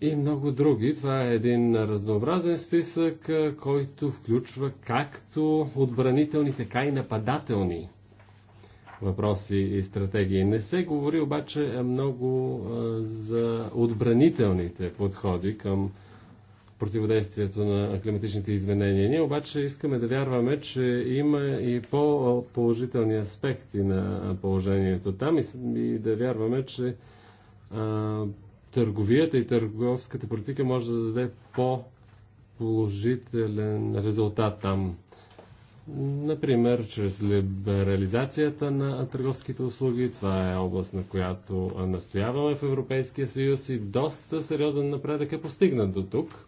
и много други. Това е един разнообразен списък, който включва както отбранителни, така и нападателни въпроси и стратегии. Не се говори обаче много за отбранителните подходи към противодействието на климатичните изменения. Ние обаче искаме да вярваме, че има и по-положителни аспекти на положението там и, да вярваме, че търговията и търговската политика може да даде по-положителен резултат там. Например, чрез либерализацията на търговските услуги. Това е област, на която настояваме в Европейския съюз и доста сериозен напредък е постигнат до тук.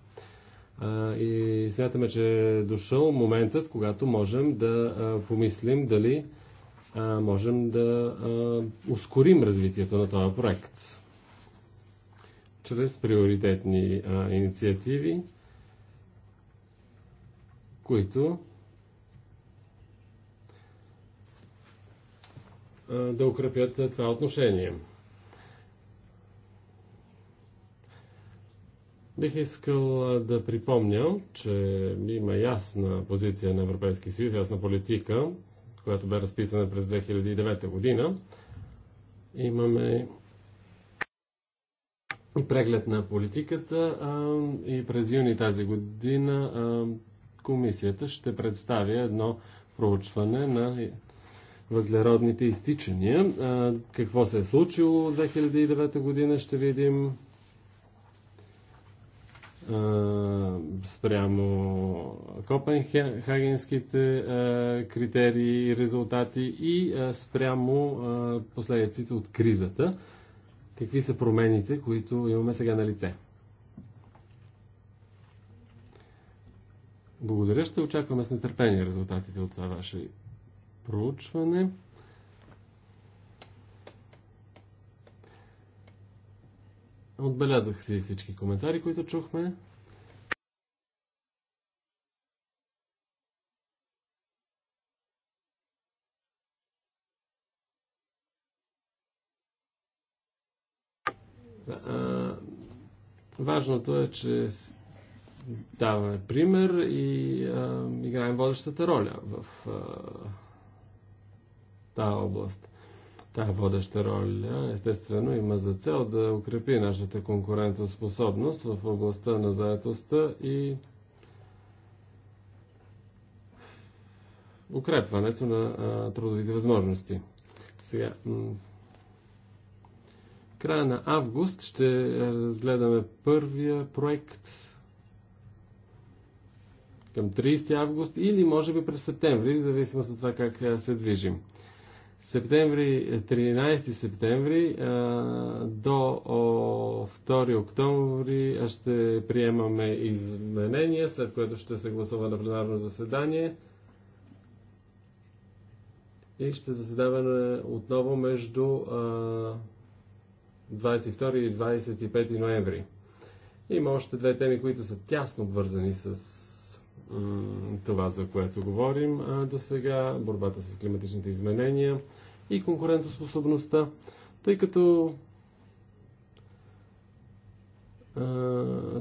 И смятаме, че е дошъл моментът, когато можем да помислим дали можем да ускорим развитието на този проект чрез приоритетни а, инициативи, които а, да укрепят а, това отношение. Бих искал да припомня, че има ясна позиция на Европейския съюз, ясна политика, която бе разписана през 2009 година. Имаме преглед на политиката а, и през юни тази година а, комисията ще представи едно проучване на въглеродните изтичания. А, какво се е случило в 2009 година ще видим а, спрямо копенхагенските а, критерии и резултати и а, спрямо а, последиците от кризата какви са промените, които имаме сега на лице. Благодаря, ще очакваме с нетърпение резултатите от това ваше проучване. Отбелязах си всички коментари, които чухме. важно Важното е, че даваме пример и а, играем водещата роля в а, тази област. Тая водеща роля, естествено, има за цел да укрепи нашата конкурентоспособност в областта на заедостта и укрепването на а, трудовите възможности. Сега, края на август ще разгледаме първия проект към 30 август или може би през септември, в зависимост от това как се движим. Септември, 13 септември до 2 октомври ще приемаме изменения, след което ще се гласува на пленарно заседание и ще заседаваме отново между 22 и 25 ноември. Има още две теми, които са тясно обвързани с м- това, за което говорим а, до сега, борбата с климатичните изменения и конкурентоспособността, тъй като а,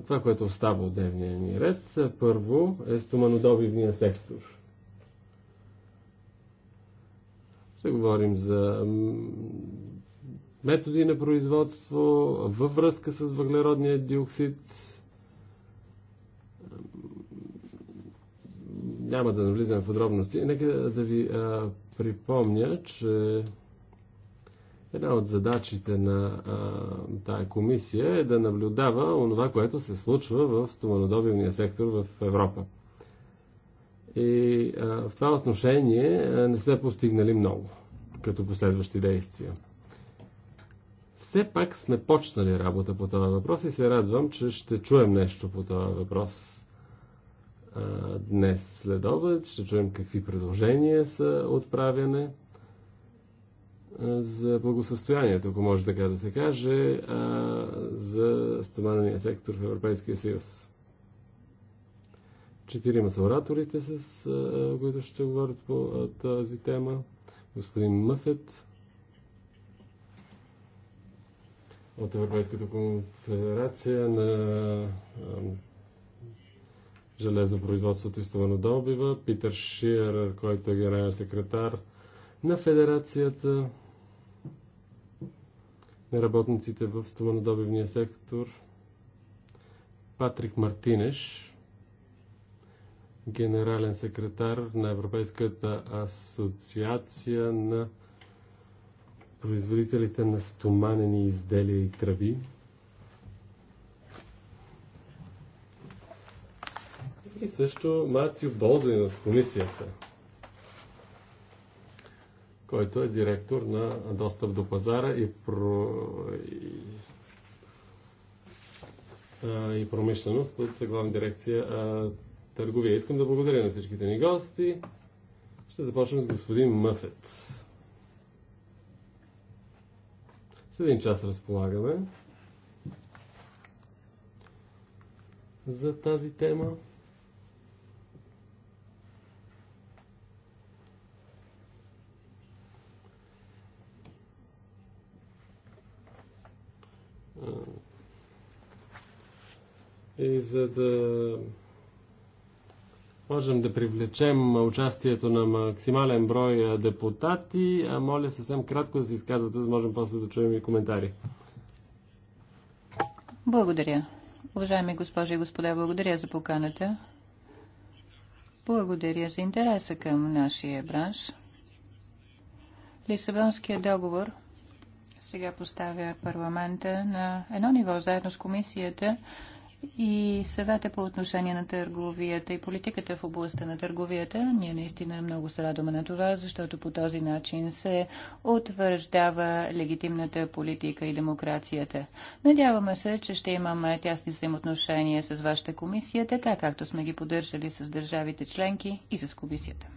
това, което остава от дневния ни ред, първо е стоманодобивния сектор. Ще говорим за методи на производство във връзка с въглеродния диоксид. Няма да навлизам в подробности. Нека да ви а, припомня, че една от задачите на а, тая комисия е да наблюдава онова, което се случва в стоманодобивния сектор в Европа. И а, в това отношение а, не сме постигнали много като последващи действия. Все пак сме почнали работа по този въпрос и се радвам, че ще чуем нещо по този въпрос а, днес след обед. Ще чуем какви предложения са отправяне за благосъстоянието, ако може така да се каже, а, за стоманения сектор в Европейския съюз. Четирима са ораторите, с а, които ще говорят по а, тази тема. Господин Мъфет, от Европейската конфедерация на железопроизводството и стоманодобива, Питър Шиер, който е генерален секретар на Федерацията на работниците в стоманодобивния сектор, Патрик Мартинеш, генерален секретар на Европейската асоциация на производителите на стоманени изделия и тръби. И също Матю Болдуин от комисията, който е директор на достъп до пазара и, про... и... промишленост от главна дирекция търговия. Искам да благодаря на всичките ни гости. Ще започнем с господин Мъфет. С един час разполагаме за тази тема. И за да можем да привлечем участието на максимален брой депутати. Моля съвсем кратко да се изказвате, за да можем после да чуем и коментари. Благодаря. Уважаеми госпожи и господа, благодаря за поканата. Благодаря за интереса към нашия бранш. Лисабонският договор сега поставя парламента на едно ниво, заедно с комисията, И съвета по отношение на търговията и политиката в областта на търговията, ние наистина много се радваме на това, защото по този начин се утвърждава легитимната политика и демокрацията. Надяваме се, че ще имаме тясни взаимоотношения с вашата комисия, така както сме ги поддържали с държавите членки и с комисията.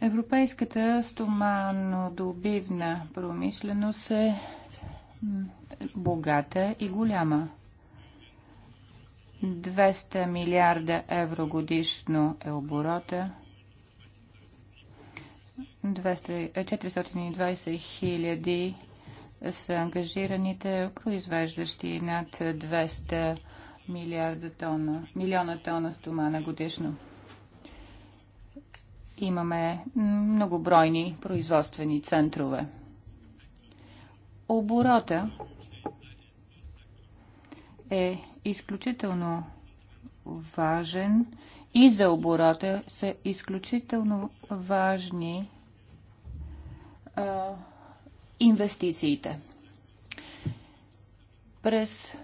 Европейската стоманодобивна промишленост е богата и голяма. 200 милиарда евро годишно е оборота. 200, 420 хиляди са ангажираните, произвеждащи над 200 милиарда тона, милиона тона стомана годишно. Имаме многобройни производствени центрове оборота е изключително важен и за оборота са изключително важни инвестициите. През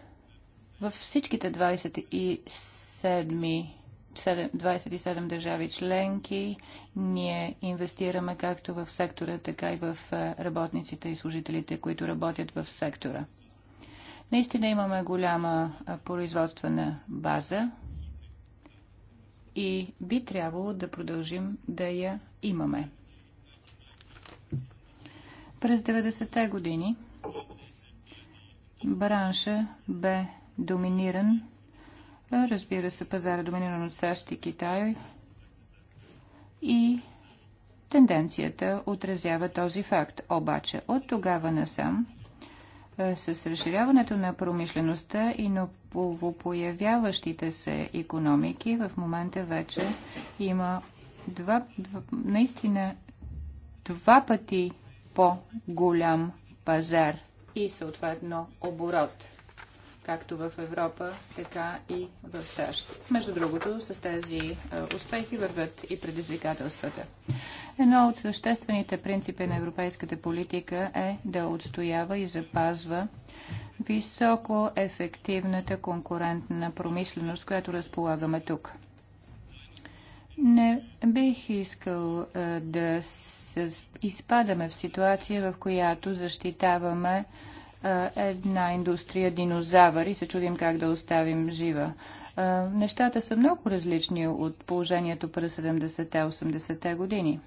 във всичките 27 27 държави членки. Ние инвестираме както в сектора, така и в работниците и служителите, които работят в сектора. Наистина имаме голяма производствена база и би трябвало да продължим да я имаме. През 90-те години бранша бе доминиран Разбира се, пазара доминиран от САЩ и Китай и тенденцията отразява този факт. Обаче от тогава насам с разширяването на промишлеността и новопоявяващите се економики в момента вече има два, два наистина два пъти по-голям пазар и съответно оборот както в Европа, така и в САЩ. Между другото, с тези успехи върват и предизвикателствата. Едно от съществените принципи на европейската политика е да отстоява и запазва високо ефективната конкурентна промишленост, която разполагаме тук. Не бих искал да изпадаме в ситуация, в която защитаваме една индустрия динозавър и се чудим как да оставим жива. Нещата са много различни от положението през 70-те, 80-те години.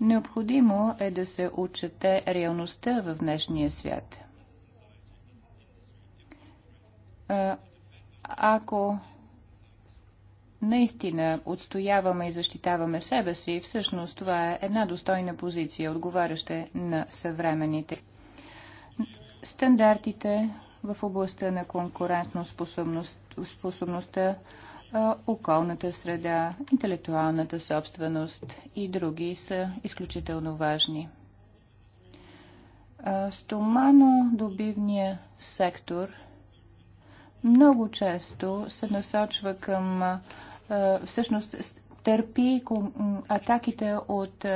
Необходимо е да се отчете реалността в днешния свят. Ако наистина отстояваме и защитаваме себе си, всъщност това е една достойна позиция, отговаряща на съвременните стандартите в областта на конкурентно способност, способността, околната среда, интелектуалната собственост и други са изключително важни. Стомано-добивния сектор много често се насочва към всъщност търпи атаките от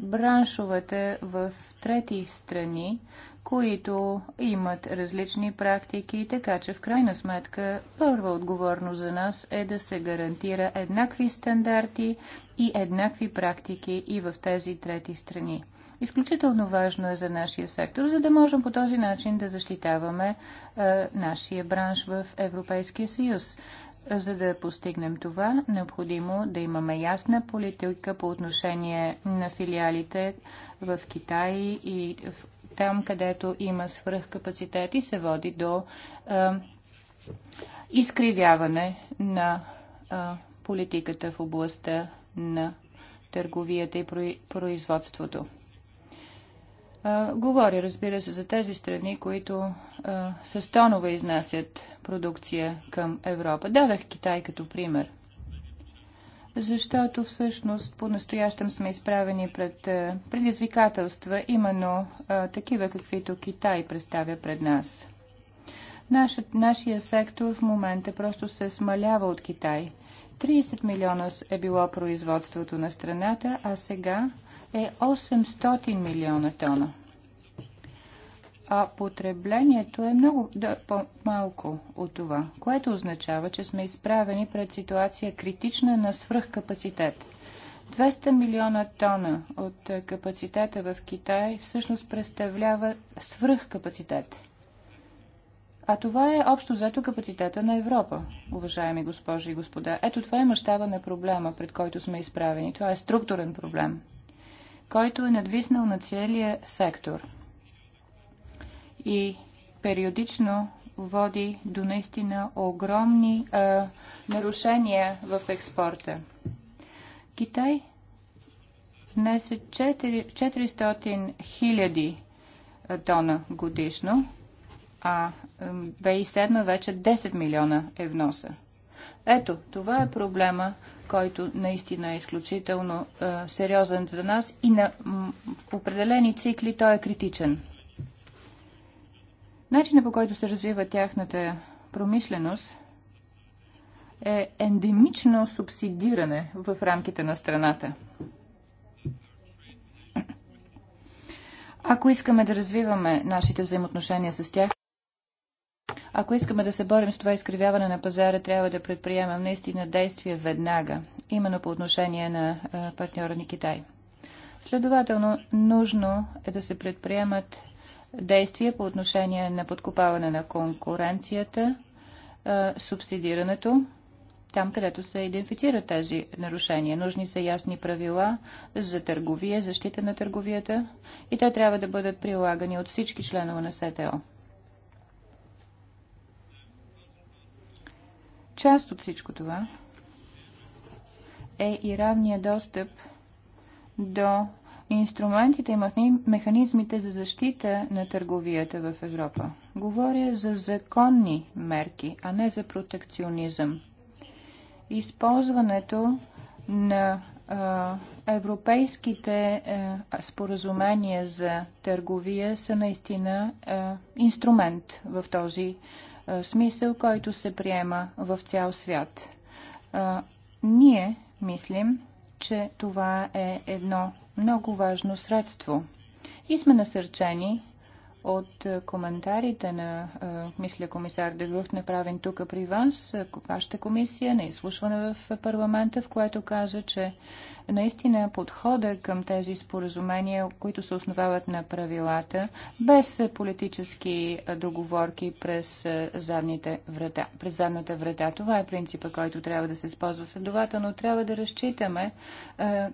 браншовете в трети страни, които имат различни практики, така че в крайна сметка първа отговорност за нас е да се гарантира еднакви стандарти и еднакви практики и в тези трети страни. Изключително важно е за нашия сектор, за да можем по този начин да защитаваме е, нашия бранш в Европейския съюз. За да постигнем това, необходимо да имаме ясна политика по отношение на филиалите в Китай и в там, където има свръхкапацитет и се води до е, изкривяване на е, политиката в областта на търговията и производството. А, говоря, разбира се, за тези страни, които а, с тонове изнасят продукция към Европа. Дадах Китай като пример – защото всъщност по-настоящем сме изправени пред предизвикателства, именно такива, каквито Китай представя пред нас. Нашът, нашия сектор в момента просто се смалява от Китай. 30 милиона е било производството на страната, а сега е 800 милиона тона а потреблението е много да, по-малко от това, което означава, че сме изправени пред ситуация критична на свръхкапацитет. 200 милиона тона от капацитета в Китай всъщност представлява свръхкапацитет. А това е общо взето капацитета на Европа, уважаеми госпожи и господа. Ето това е мащаба на проблема, пред който сме изправени. Това е структурен проблем, който е надвиснал на целия сектор – и периодично води до наистина огромни е, нарушения в експорта. Китай внесе 400 хиляди тона годишно, а 2007 вече 10 милиона е вноса. Ето, това е проблема, който наистина е изключително е, сериозен за нас и на в определени цикли той е критичен. Начинът по който се развива тяхната промишленост е ендемично субсидиране в рамките на страната. Ако искаме да развиваме нашите взаимоотношения с тях, ако искаме да се борим с това изкривяване на пазара, трябва да предприемем наистина действия веднага, именно по отношение на партньора ни Китай. Следователно, нужно е да се предприемат действия по отношение на подкопаване на конкуренцията, субсидирането, там където се идентифицират тези нарушения. Нужни са ясни правила за търговия, защита на търговията и те трябва да бъдат прилагани от всички членове на СТО. Част от всичко това е и равния достъп до инструментите и механизмите за защита на търговията в Европа. Говоря за законни мерки, а не за протекционизъм. Използването на а, европейските а, споразумения за търговия са наистина а, инструмент в този а, смисъл, който се приема в цял свят. А, ние мислим, че това е едно много важно средство и сме насърчени от коментарите на, мисля, комисар Дегрухт, направен тук при вас, вашата комисия, на изслушване в парламента, в което каза, че наистина подхода към тези споразумения, които се основават на правилата, без политически договорки през, задните врата, през задната врата. Това е принципа, който трябва да се използва. Следователно, трябва да разчитаме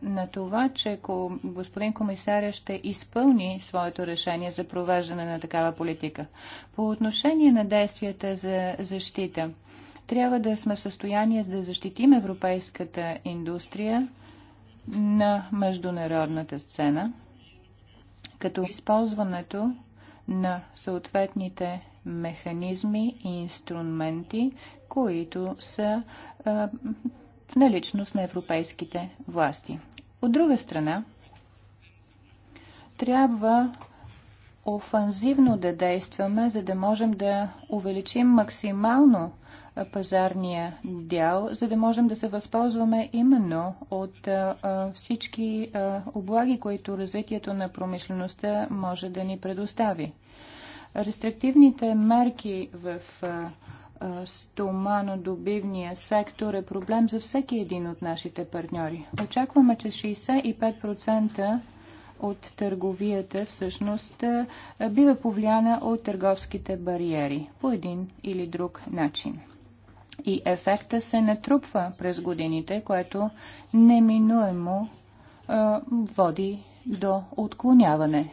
на това, че господин комисаря ще изпълни своето решение за провеждане прилагане на такава политика. По отношение на действията за защита, трябва да сме в състояние да защитим европейската индустрия на международната сцена, като използването на съответните механизми и инструменти, които са а, в наличност на европейските власти. От друга страна, трябва офанзивно да действаме, за да можем да увеличим максимално пазарния дял, за да можем да се възползваме именно от всички облаги, които развитието на промишлеността може да ни предостави. Рестриктивните мерки в стоманодобивния сектор е проблем за всеки един от нашите партньори. Очакваме, че 65% от търговията всъщност бива повлияна от търговските бариери по един или друг начин. И ефекта се натрупва през годините, което неминуемо а, води до отклоняване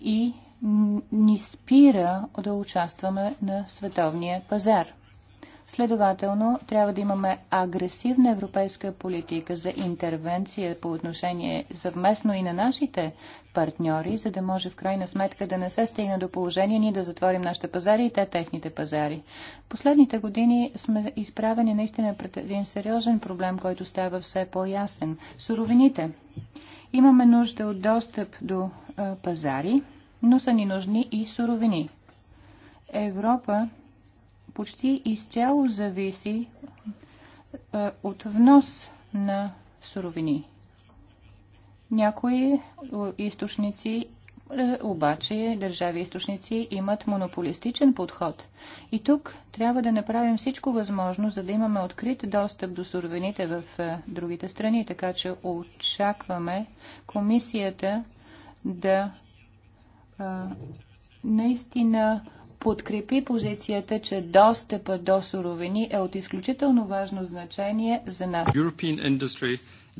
и ни спира да участваме на световния пазар. Следователно, трябва да имаме агресивна европейска политика за интервенция по отношение съвместно и на нашите партньори, за да може в крайна сметка да не се стигне до положение ние да затворим нашите пазари и те техните пазари. Последните години сме изправени наистина пред един сериозен проблем, който става все по-ясен. Суровините. Имаме нужда от достъп до а, пазари, но са ни нужни и суровини. Европа почти изцяло зависи от внос на суровини. Някои източници обаче държави източници имат монополистичен подход. И тук трябва да направим всичко възможно, за да имаме открит достъп до суровините в другите страни, така че очакваме комисията да наистина подкрепи позицията, че достъпа до суровини е от изключително важно значение за нас.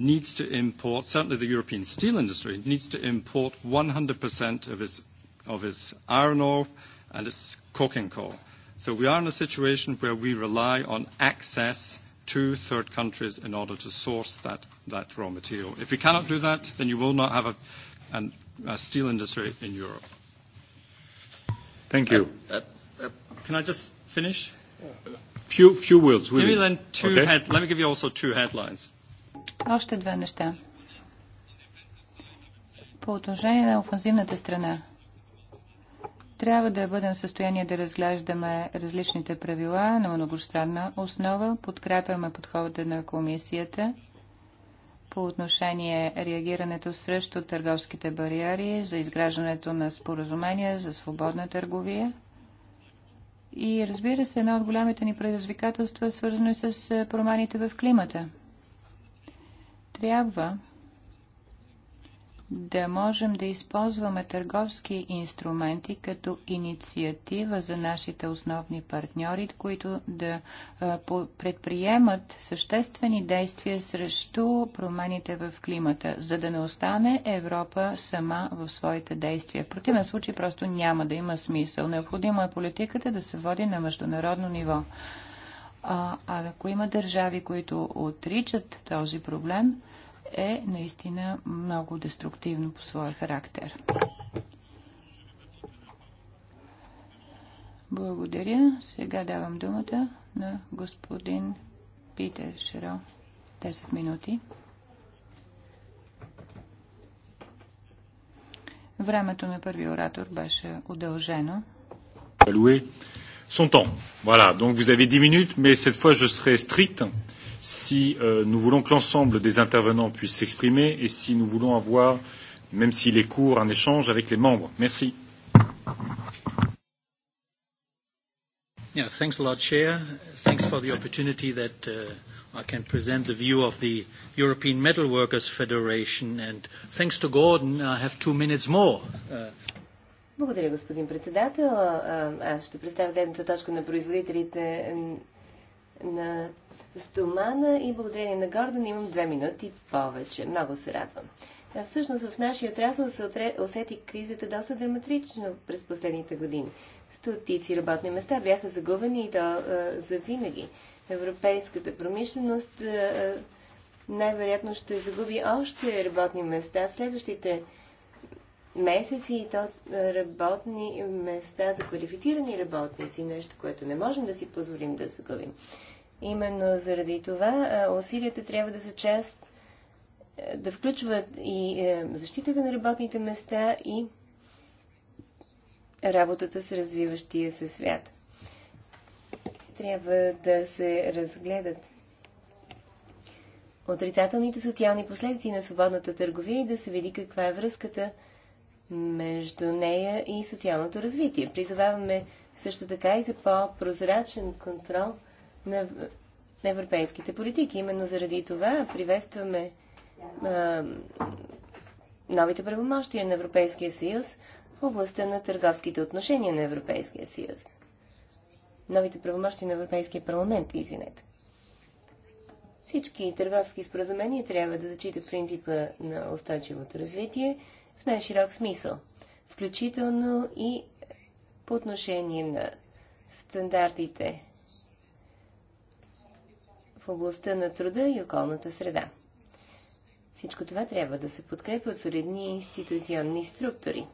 needs to import, certainly the European steel industry needs to import 100% of its, of its iron ore and its coking coal. So we are in a situation where we rely on access to third countries in order to source that, that raw material. If we cannot do that, then you will not have a, an, a steel industry in Europe. Thank you. can I just finish? Few, few words, really. Give me then two okay. head, let me give you also two headlines. Още две неща. По отношение на офанзивната страна, трябва да бъдем в състояние да разглеждаме различните правила на многостранна основа. Подкрепяме подхода на комисията – по отношение реагирането срещу търговските бариери, за изграждането на споразумения за свободна търговия. И разбира се, едно от голямите ни предизвикателства е свързано с промените в климата. Трябва да можем да използваме търговски инструменти като инициатива за нашите основни партньори, които да предприемат съществени действия срещу промените в климата, за да не остане Европа сама в своите действия. В противен случай просто няма да има смисъл. Необходимо е политиката да се води на международно ниво. А, а ако има държави, които отричат този проблем, е наистина много деструктивно по своя характер. Благодаря. Сега давам думата на господин Питер Шеро. 10 минути. Времето на първи оратор беше удължено. Son temps. Voilà, donc vous avez 10 minutes, mais cette fois je serai strict si euh, nous voulons que l'ensemble des intervenants puissent s'exprimer et si nous voulons avoir, même s'il est court, un échange avec les membres. Merci. Yeah, thanks a lot, Chair. Thanks for the opportunity that uh, I can present the view of the European Metal Workers Federation. And thanks to Gordon, I have two minutes more. Uh, Благодаря, господин председател. Аз ще представя гледната точка на производителите на стомана и благодарение на Гордон имам две минути повече. Много се радвам. Всъщност в нашия отрасъл се усети кризата доста драматично през последните години. Стотици работни места бяха загубени и то е, за винаги. Европейската промишленост е, най-вероятно ще загуби още работни места в следващите е, месеци и то работни места за квалифицирани работници, нещо, което не можем да си позволим да загубим. Именно заради това усилията трябва да са част, да включват и защитата на работните места и работата с развиващия се свят. Трябва да се разгледат отрицателните социални последици на свободната търговия и да се види каква е връзката между нея и социалното развитие. Призоваваме също така и за по-прозрачен контрол на европейските политики. Именно заради това приветстваме а, новите правомощия на Европейския съюз в областта на търговските отношения на Европейския съюз. Новите правомощия на Европейския парламент, извинете. Всички търговски споразумения трябва да зачитат принципа на устойчивото развитие, в най-широк смисъл, включително и по отношение на стандартите в областта на труда и околната среда. Всичко това трябва да се подкрепи от солидни институционни структури,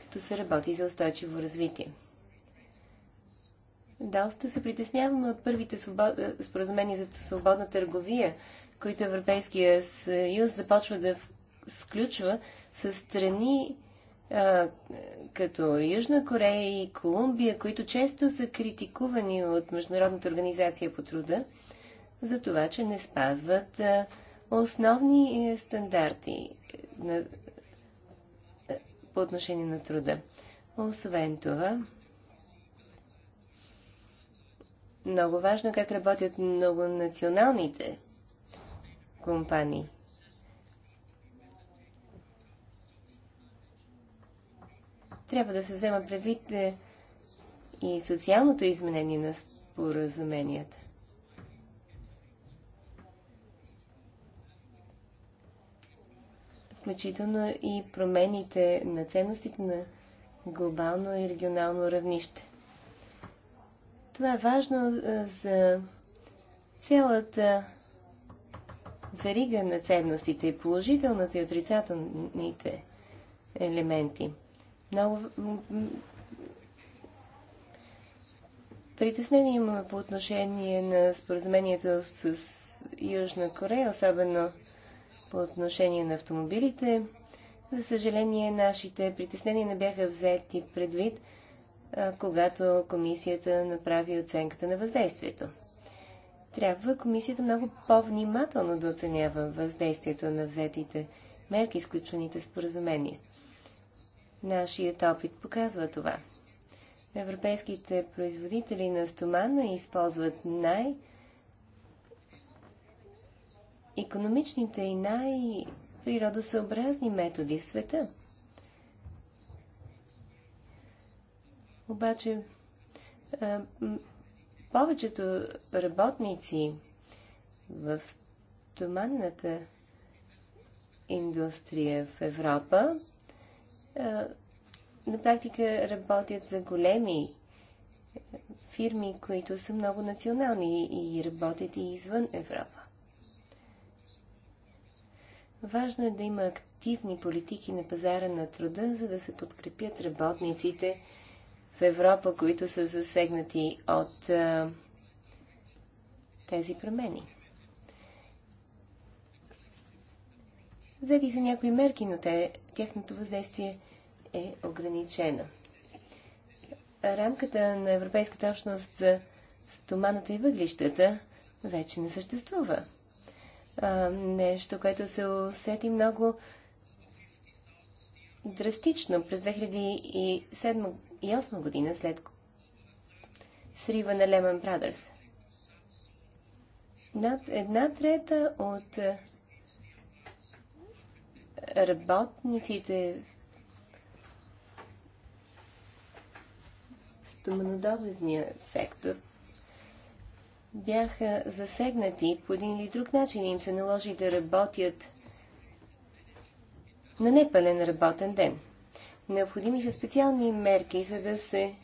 като се работи за устойчиво развитие. Доста се притесняваме от първите свобод... споразумения за свободна търговия, които Европейския съюз започва да сключва с страни а, като Южна Корея и Колумбия, които често са критикувани от Международната организация по труда за това, че не спазват а, основни стандарти на, по отношение на труда. Освен това, много важно как работят много националните компании – трябва да се взема предвид и социалното изменение на споразуменията. Включително и промените на ценностите на глобално и регионално равнище. Това е важно за цялата верига на ценностите, и положителните и отрицателните елементи. Много притеснение имаме по отношение на споразумението с Южна Корея, особено по отношение на автомобилите. За съжаление, нашите притеснения не бяха взети предвид, когато комисията направи оценката на въздействието. Трябва комисията много по-внимателно да оценява въздействието на взетите мерки, изключените споразумения. Нашият опит показва това. Европейските производители на стомана използват най- економичните и най-природосъобразни методи в света. Обаче, повечето работници в стоманната индустрия в Европа на практика работят за големи фирми, които са много национални и работят и извън Европа. Важно е да има активни политики на пазара на труда, за да се подкрепят работниците в Европа, които са засегнати от тези промени. Взети са някои мерки, но те, тяхното въздействие е ограничено. Рамката на Европейската общност за стоманата и въглищата вече не съществува. А, нещо, което се усети много драстично през 2007 2008 година след срива на Lehman Brothers. Над една трета от работниците в стоманодобивния сектор бяха засегнати по един или друг начин и им се наложи да работят на непълен работен ден. Необходими са специални мерки, за да се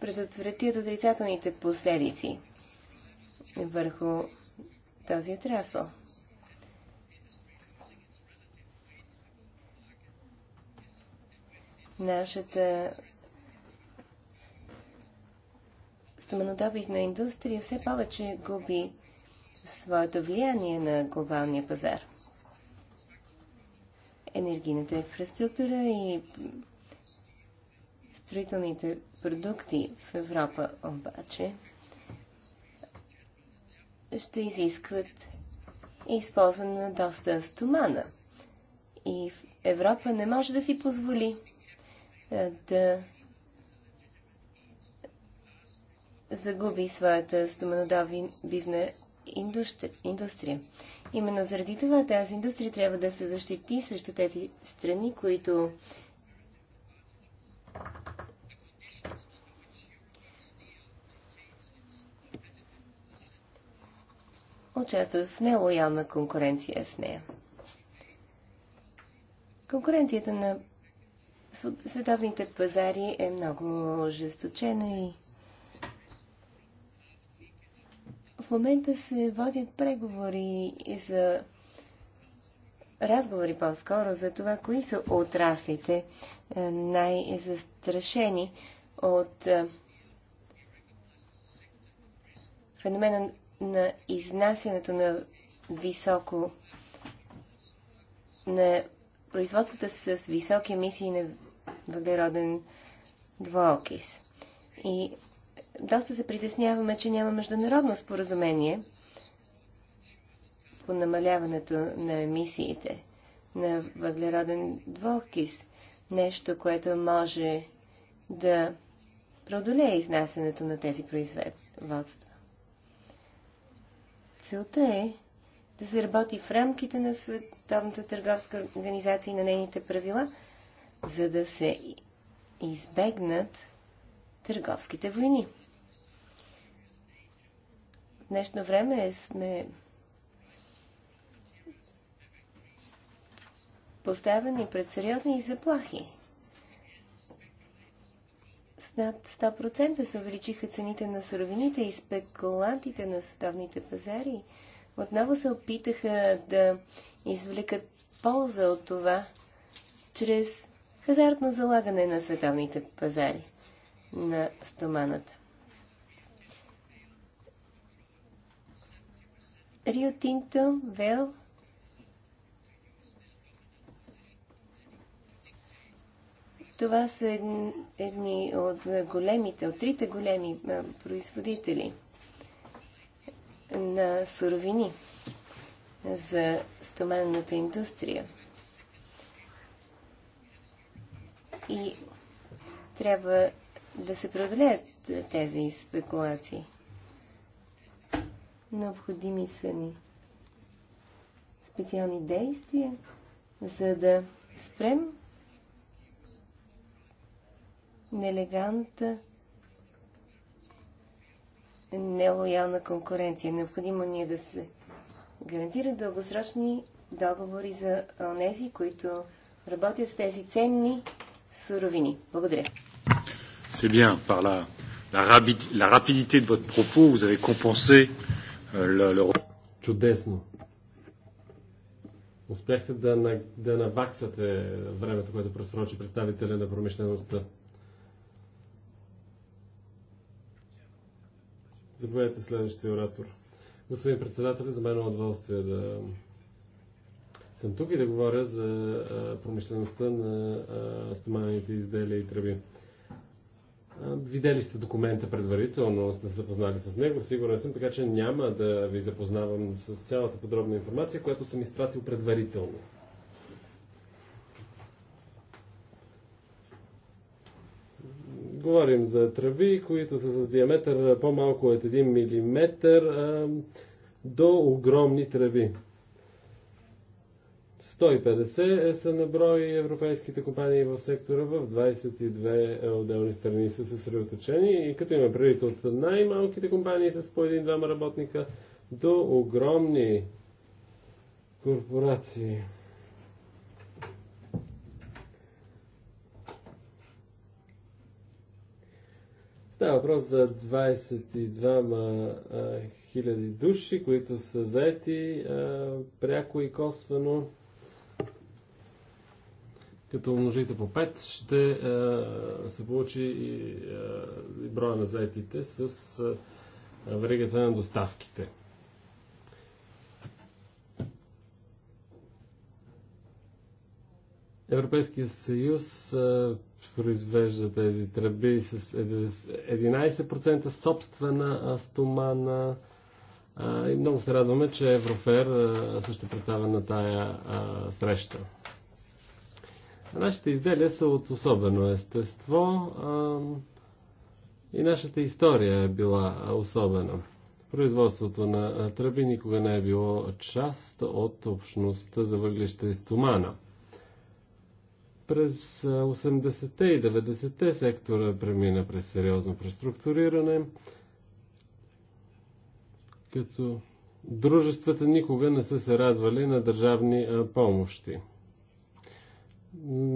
предотвратят отрицателните последици върху този отрасъл. нашата стоманодобивна индустрия все повече губи своето влияние на глобалния пазар. Енергийната инфраструктура и строителните продукти в Европа обаче ще изискват използване на доста стомана. И Европа не може да си позволи да загуби своята стоманодобивна бивна индустрия. Именно заради това тази индустрия трябва да се защити срещу тези страни, които участват в нелоялна конкуренция с нея. Конкуренцията на световните пазари е много жесточена и в момента се водят преговори и за разговори по-скоро за това, кои са отраслите най-застрашени от феномена на изнасянето на високо на производствата с високи емисии на въглероден двуокис. И доста се притесняваме, че няма международно споразумение по намаляването на емисиите на въглероден двуокис. Нещо, което може да преодолее изнасянето на тези производства. Целта е да се работи в рамките на свет, Световната търговска организация и на нейните правила, за да се избегнат търговските войни. В днешно време сме поставени пред сериозни заплахи. С над 100% се увеличиха цените на суровините и спекулантите на световните пазари – отново се опитаха да извлекат полза от това чрез хазартно залагане на световните пазари на стоманата. Рио Тинто, Вел, това са едни от големите, от трите големи производители – на суровини за стоманната индустрия. И трябва да се преодолеят тези спекулации. Необходими са ни специални действия, за да спрем нелегалната нелоялна конкуренция. Необходимо ни е да се гарантират дългосрочни договори за тези, които работят с тези ценни суровини. Благодаря. C'est bien, par la, la, rabi, la rapidité de votre propos, vous avez compensé euh, le, le... Успяхте да, да наваксате времето, което просрочи представителя на промишлеността. Заповядайте следващия оратор. Господин председател, за мен е удоволствие да съм тук и да говоря за промишлеността на стоманените изделия и тръби. Видели сте документа предварително, сте се запознали с него, сигурен съм, така че няма да ви запознавам с цялата подробна информация, която съм изпратил предварително. Говорим за тръби, които са с диаметър по-малко от 1 мм до огромни тръби. 150 е са на брой европейските компании в сектора в 22 отделни страни са съсредоточени и като има предвид от най-малките компании с по един-двама работника до огромни корпорации. Става въпрос за 22 хиляди души, които са заети пряко и косвено. Като умножите по 5, ще се получи и, и броя на заетите с веригата на доставките. Европейския съюз произвежда тези тръби с 11% собствена стомана. И много се радваме, че Еврофер също представя на тая среща. Нашите изделия са от особено естество и нашата история е била особена. Производството на тръби никога не е било част от общността за въглища и стомана – през 80-те и 90-те сектора премина през сериозно преструктуриране, като дружествата никога не са се радвали на държавни помощи.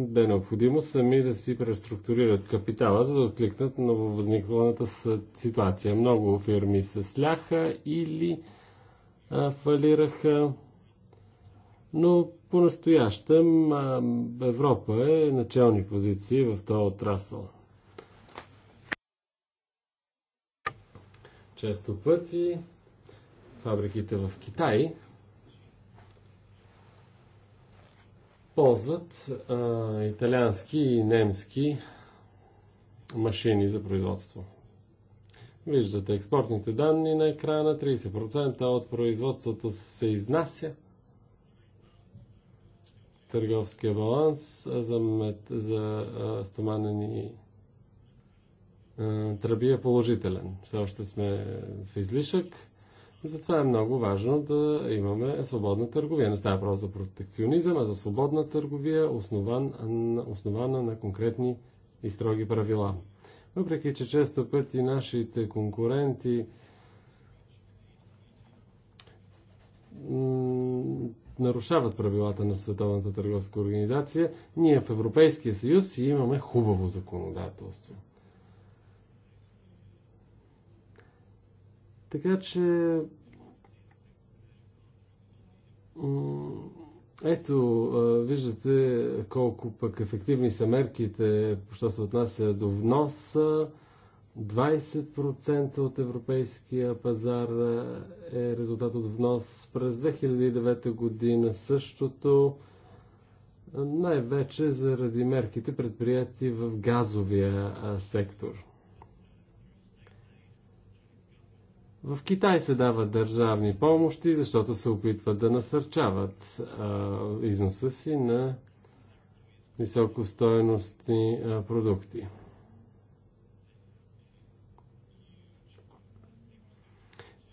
Бе необходимо сами да си преструктурират капитала, за да откликнат на нововъзникналата ситуация. Много фирми се сляха или фалираха, но По-настоящем Европа е начални позиции в този отрасъл. Често пъти фабриките в Китай ползват а, италиански и немски машини за производство. Виждате експортните данни на екрана. 30% от производството се изнася търговския баланс за, мет, за а, стоманени а, тръби е положителен. Все още сме в излишък. Затова е много важно да имаме свободна търговия. Не става просто за протекционизъм, а за свободна търговия, основан, основана на конкретни и строги правила. Въпреки, че често пъти нашите конкуренти нарушават правилата на Световната търговска организация, ние в Европейския съюз си имаме хубаво законодателство. Така че ето, виждате колко пък ефективни са мерките, що се отнася до вноса 20% от европейския пазар е резултат от внос. През 2009 година същото, най-вече заради мерките предприяти в газовия сектор. В Китай се дават държавни помощи, защото се опитват да насърчават а, износа си на високостойностни продукти.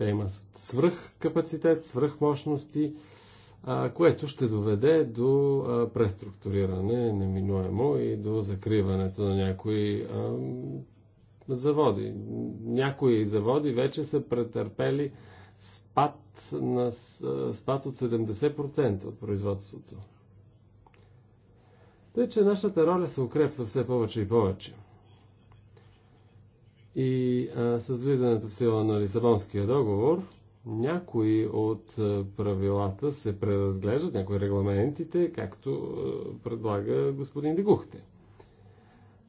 Те имат свръх мощности, което ще доведе до преструктуриране неминуемо и до закриването на някои заводи. Някои заводи вече са претърпели спад, на, спад от 70% от производството. Тъй, че нашата роля се укрепва все повече и повече. И а, с влизането в сила на Лисабонския договор, някои от правилата се преразглеждат, някои регламентите, както предлага господин Дегухте.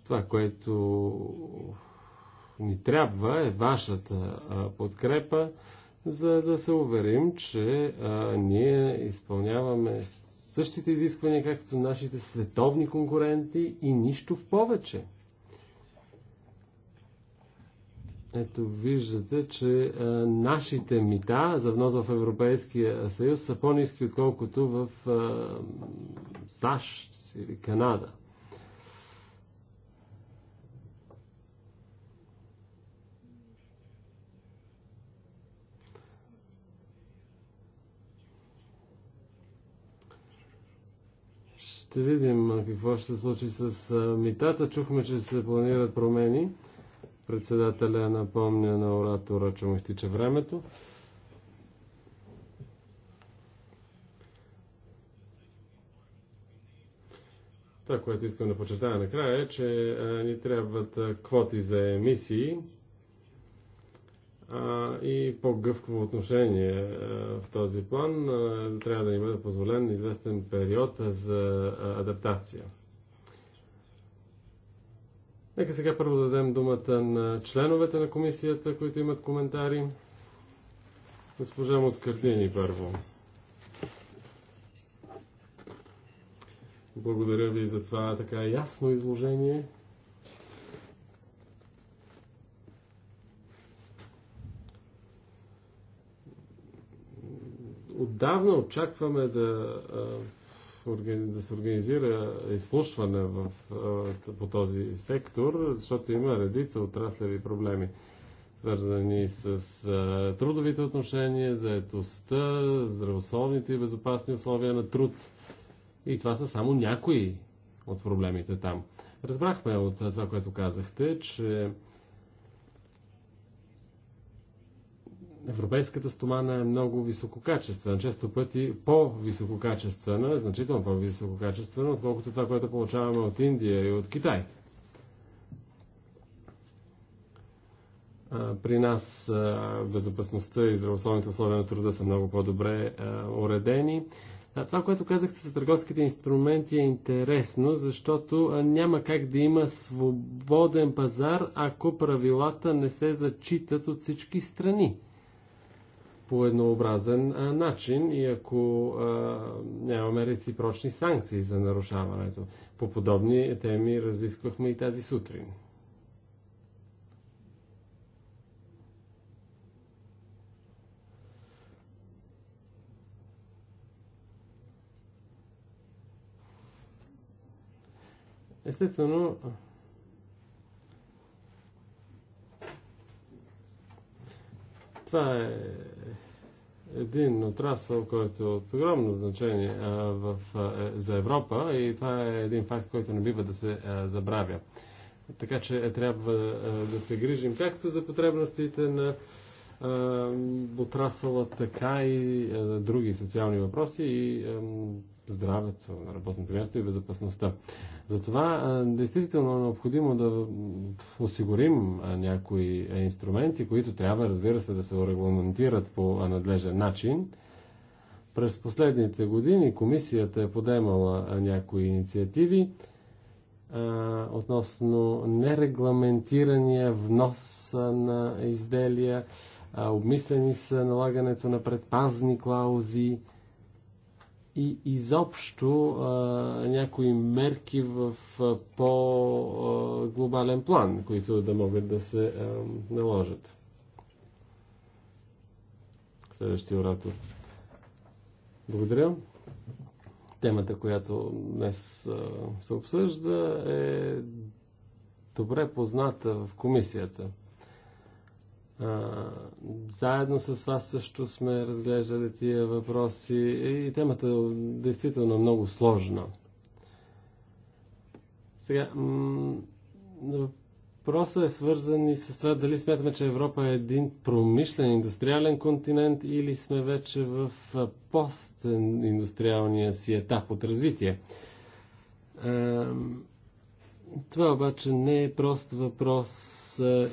Това, което ни трябва е вашата подкрепа, за да се уверим, че а, ние изпълняваме същите изисквания, както нашите световни конкуренти и нищо в повече. Ето виждате, че а, нашите мита за внос в Европейския съюз са по-низки, отколкото в а, САЩ или Канада. Ще видим какво ще се случи с митата. Чухме, че се планират промени. Председателя напомня на оратора, че му изтича времето. Това, което искам да почетая накрая е, че ни трябват квоти за емисии а, и по-гъвково отношение а, в този план. А, трябва да ни бъде позволен известен период за адаптация. Нека сега първо дадем думата на членовете на комисията, които имат коментари. Госпожа Москардини първо. Благодаря ви за това така ясно изложение. Отдавна очакваме да да се организира изслушване в, по този сектор, защото има редица отраслеви проблеми, свързани с трудовите отношения, заетостта, здравословните и безопасни условия на труд. И това са само някои от проблемите там. Разбрахме от това, което казахте, че европейската стомана е много висококачествена, често пъти по-висококачествена, значително по-висококачествена, отколкото това, което получаваме от Индия и от Китай. При нас безопасността и здравословните условия на труда са много по-добре уредени. Това, което казахте за търговските инструменти е интересно, защото няма как да има свободен пазар, ако правилата не се зачитат от всички страни по еднообразен начин и ако а, нямаме реципрочни санкции за нарушаването. По подобни теми разисквахме и тази сутрин. Естествено, това е един отрасъл, който е от огромно значение а, в, за Европа и това е един факт, който не бива да се забравя. Така че трябва да се грижим както за потребностите на отрасъла, така и други социални въпроси и здравето, на работното място и безопасността. Затова действително е необходимо да осигурим някои инструменти, които трябва, разбира се, да се регламентират по надлежен начин. През последните години комисията е подемала някои инициативи а, относно нерегламентирания внос на изделия, а, обмислени са налагането на предпазни клаузи, и изобщо а, някои мерки в в по-глобален план, които да могат да се а, наложат. Следващия оратор. Благодаря. Темата, която днес а, се обсъжда, е добре позната в комисията – заедно с вас също сме разглеждали тия въпроси и темата е действително много сложна. Сега, въпросът е свързан и с това дали смятаме, че Европа е един промишлен, индустриален континент или сме вече в постиндустриалния си етап от развитие. Ем, Това обаче не е прост въпрос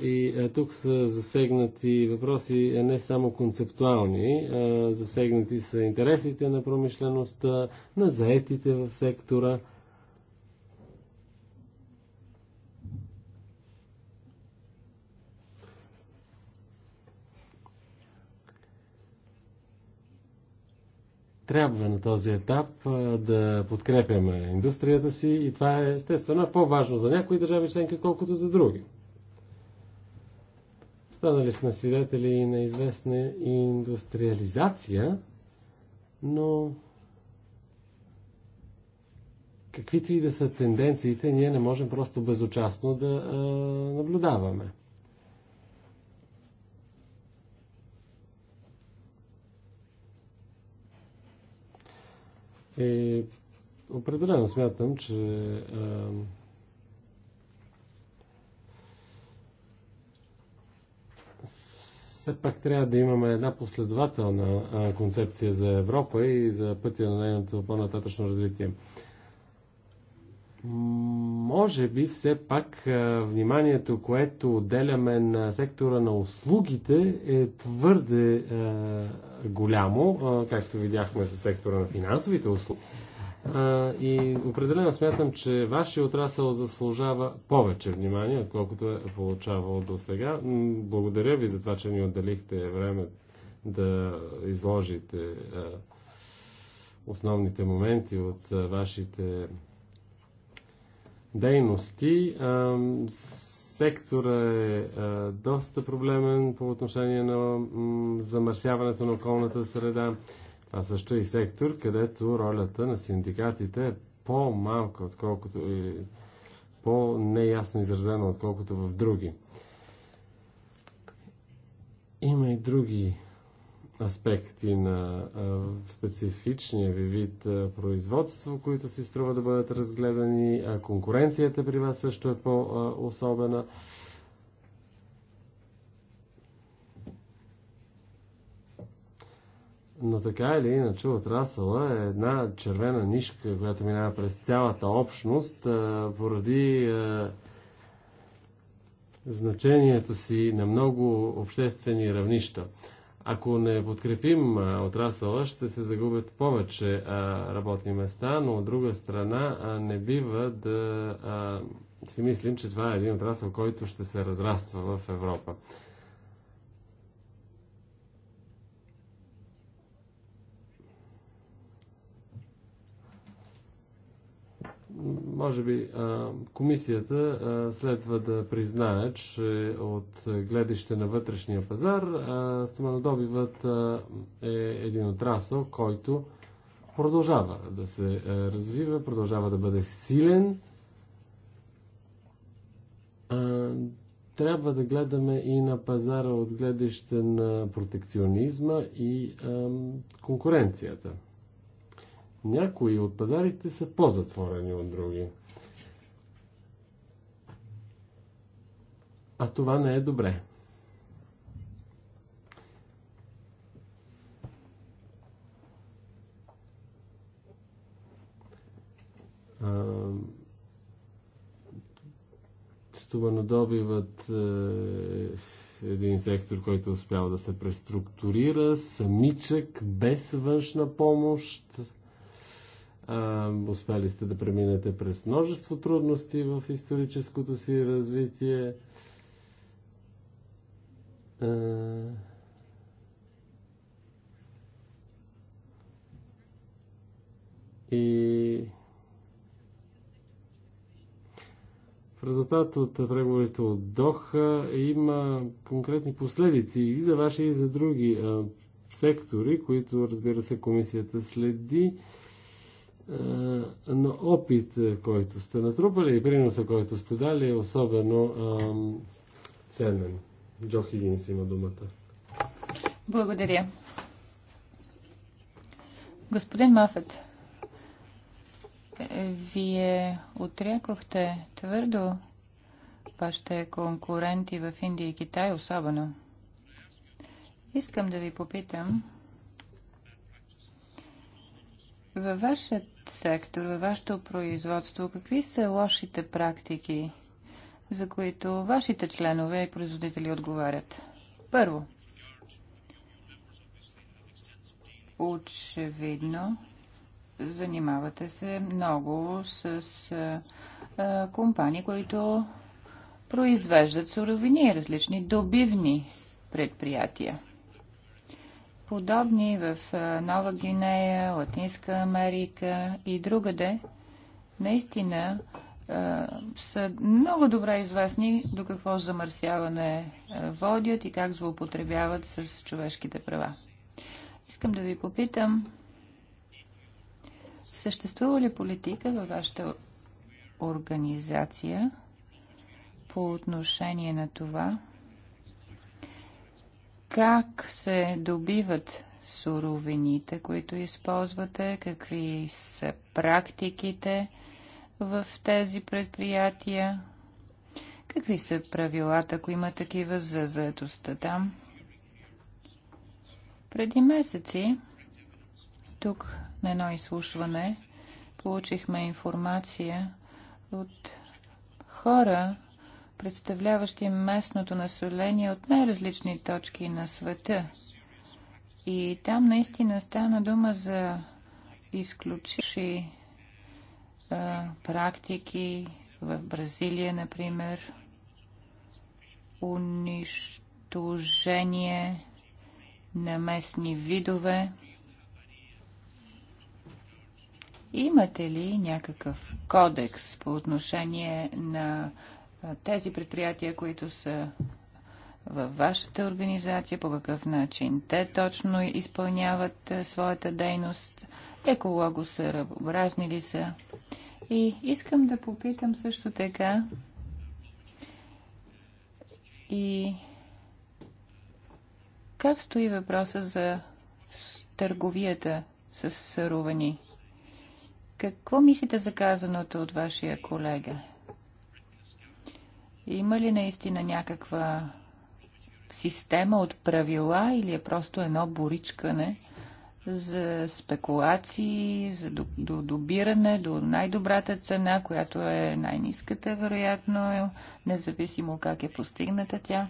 и тук са засегнати въпроси не само концептуални, засегнати са интересите на промишлеността, на заетите в сектора – трябва на този етап да подкрепяме индустрията си и това е естествено по-важно за някои държави членки, отколкото за други. Станали сме свидетели на известна индустриализация, но каквито и да са тенденциите, ние не можем просто безучастно да а, наблюдаваме. И определено смятам, че а, все пак трябва да имаме една последователна концепция за Европа и за пътя на нейното по-нататъчно развитие. А, може би все пак вниманието, което отделяме на сектора на услугите е твърде е, голямо, е, както видяхме за сектора на финансовите услуги. Е, и определено смятам, че вашия отрасъл заслужава повече внимание, отколкото е получавал до сега. Благодаря ви за това, че ни отделихте време да изложите е, основните моменти от е, вашите дейности. сектор е доста проблемен по отношение на замърсяването на околната среда, а също и сектор, където ролята на синдикатите е по-малка, отколкото и по-неясно изразена, отколкото в други. Има и други аспект и на специфичния ви вид производство, които си струва да бъдат разгледани. а Конкуренцията при вас също е по-особена. Но така или иначе отрасъла е една червена нишка, която минава през цялата общност поради значението си на много обществени равнища. Ако не подкрепим отрасъл, ще се загубят повече работни места, но от друга страна не бива да си мислим, че това е един отрасъл, който ще се разраства в Европа. може би комисията следва да признае, че от гледаще на вътрешния пазар стоманодобивът е един отрасъл, който продължава да се развива, продължава да бъде силен. Трябва да гледаме и на пазара от гледаще на протекционизма и конкуренцията. Някои от пазарите са по-затворени от други. А това не е добре. Стоманодобивът е един сектор, който успява да се преструктурира самичък, без външна помощ успели сте да преминете през множество трудности в историческото си развитие. И в резултат от преговорите от Доха има конкретни последици и за ваши, и за други сектори, които, разбира се, комисията следи но опит, който сте натрупали и приноса, който сте дали е особено ам, ценен. Джо Хигинс има думата. Благодаря. Господин Мафет, вие отрякохте твърдо вашите конкуренти в Индия и Китай особено. Искам да ви попитам, във вашият сектор, във вашето производство, какви са лошите практики, за които вашите членове и производители отговарят? Първо, очевидно, занимавате се много с а, компании, които произвеждат суровини, различни добивни предприятия подобни в Нова Гинея, Латинска Америка и другаде, наистина са много добре известни до какво замърсяване водят и как злоупотребяват с човешките права. Искам да ви попитам, съществува ли политика във вашата организация по отношение на това, как се добиват суровините, които използвате, какви са практиките в тези предприятия, какви са правилата, ако има такива за заедостта там. Преди месеци, тук на едно изслушване, получихме информация от хора, представляващи местното население от най-различни точки на света. И там наистина стана дума за изключиши практики в Бразилия, например, унищожение на местни видове. Имате ли някакъв кодекс по отношение на тези предприятия, които са във вашата организация, по какъв начин те точно изпълняват своята дейност, еколого са, разни ли са. И искам да попитам също така и как стои въпроса за търговията с сарувани? Какво мислите за казаното от вашия колега? Има ли наистина някаква система от правила или е просто едно боричкане за спекулации, за до, до добиране до най-добрата цена, която е най-низката, вероятно, независимо как е постигната тя?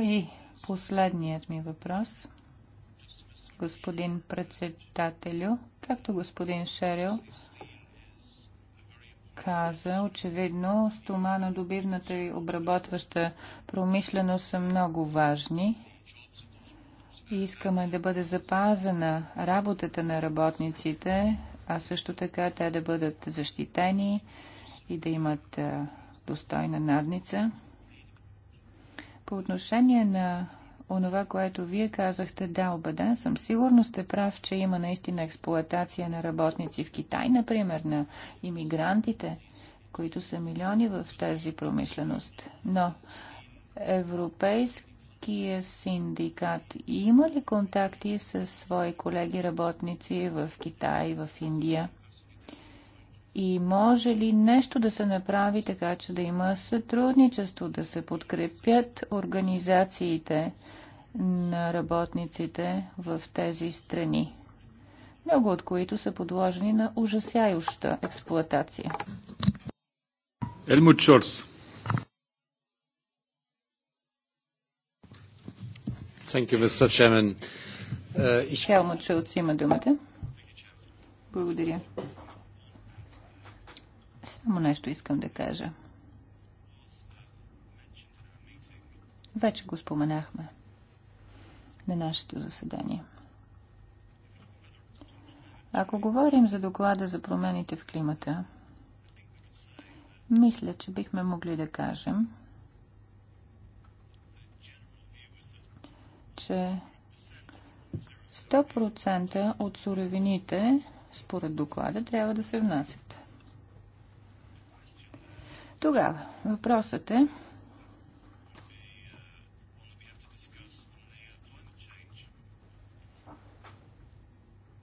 И последният ми въпрос, господин председателю, както господин Шерил, каза, очевидно стоманодобивната и обработваща промишленост са много важни. Искаме да бъде запазена работата на работниците, а също така те да бъдат защитени и да имат достойна надница. По отношение на онова, което вие казахте, да, убеден съм. Сигурно сте прав, че има наистина експлуатация на работници в Китай, например, на иммигрантите, които са милиони в тази промишленост. Но Европейския синдикат има ли контакти с свои колеги работници в Китай, в Индия? И може ли нещо да се направи така, че да има сътрудничество, да се подкрепят организациите, на работниците в тези страни, много от които са подложени на ужасяюща експлуатация. Елмут Шорс. Хелмут Шулц има думата. Благодаря. Само нещо искам да кажа. Вече го споменахме на нашето заседание. Ако говорим за доклада за промените в климата, мисля, че бихме могли да кажем, че 100% от суровините, според доклада, трябва да се внасят. Тогава въпросът е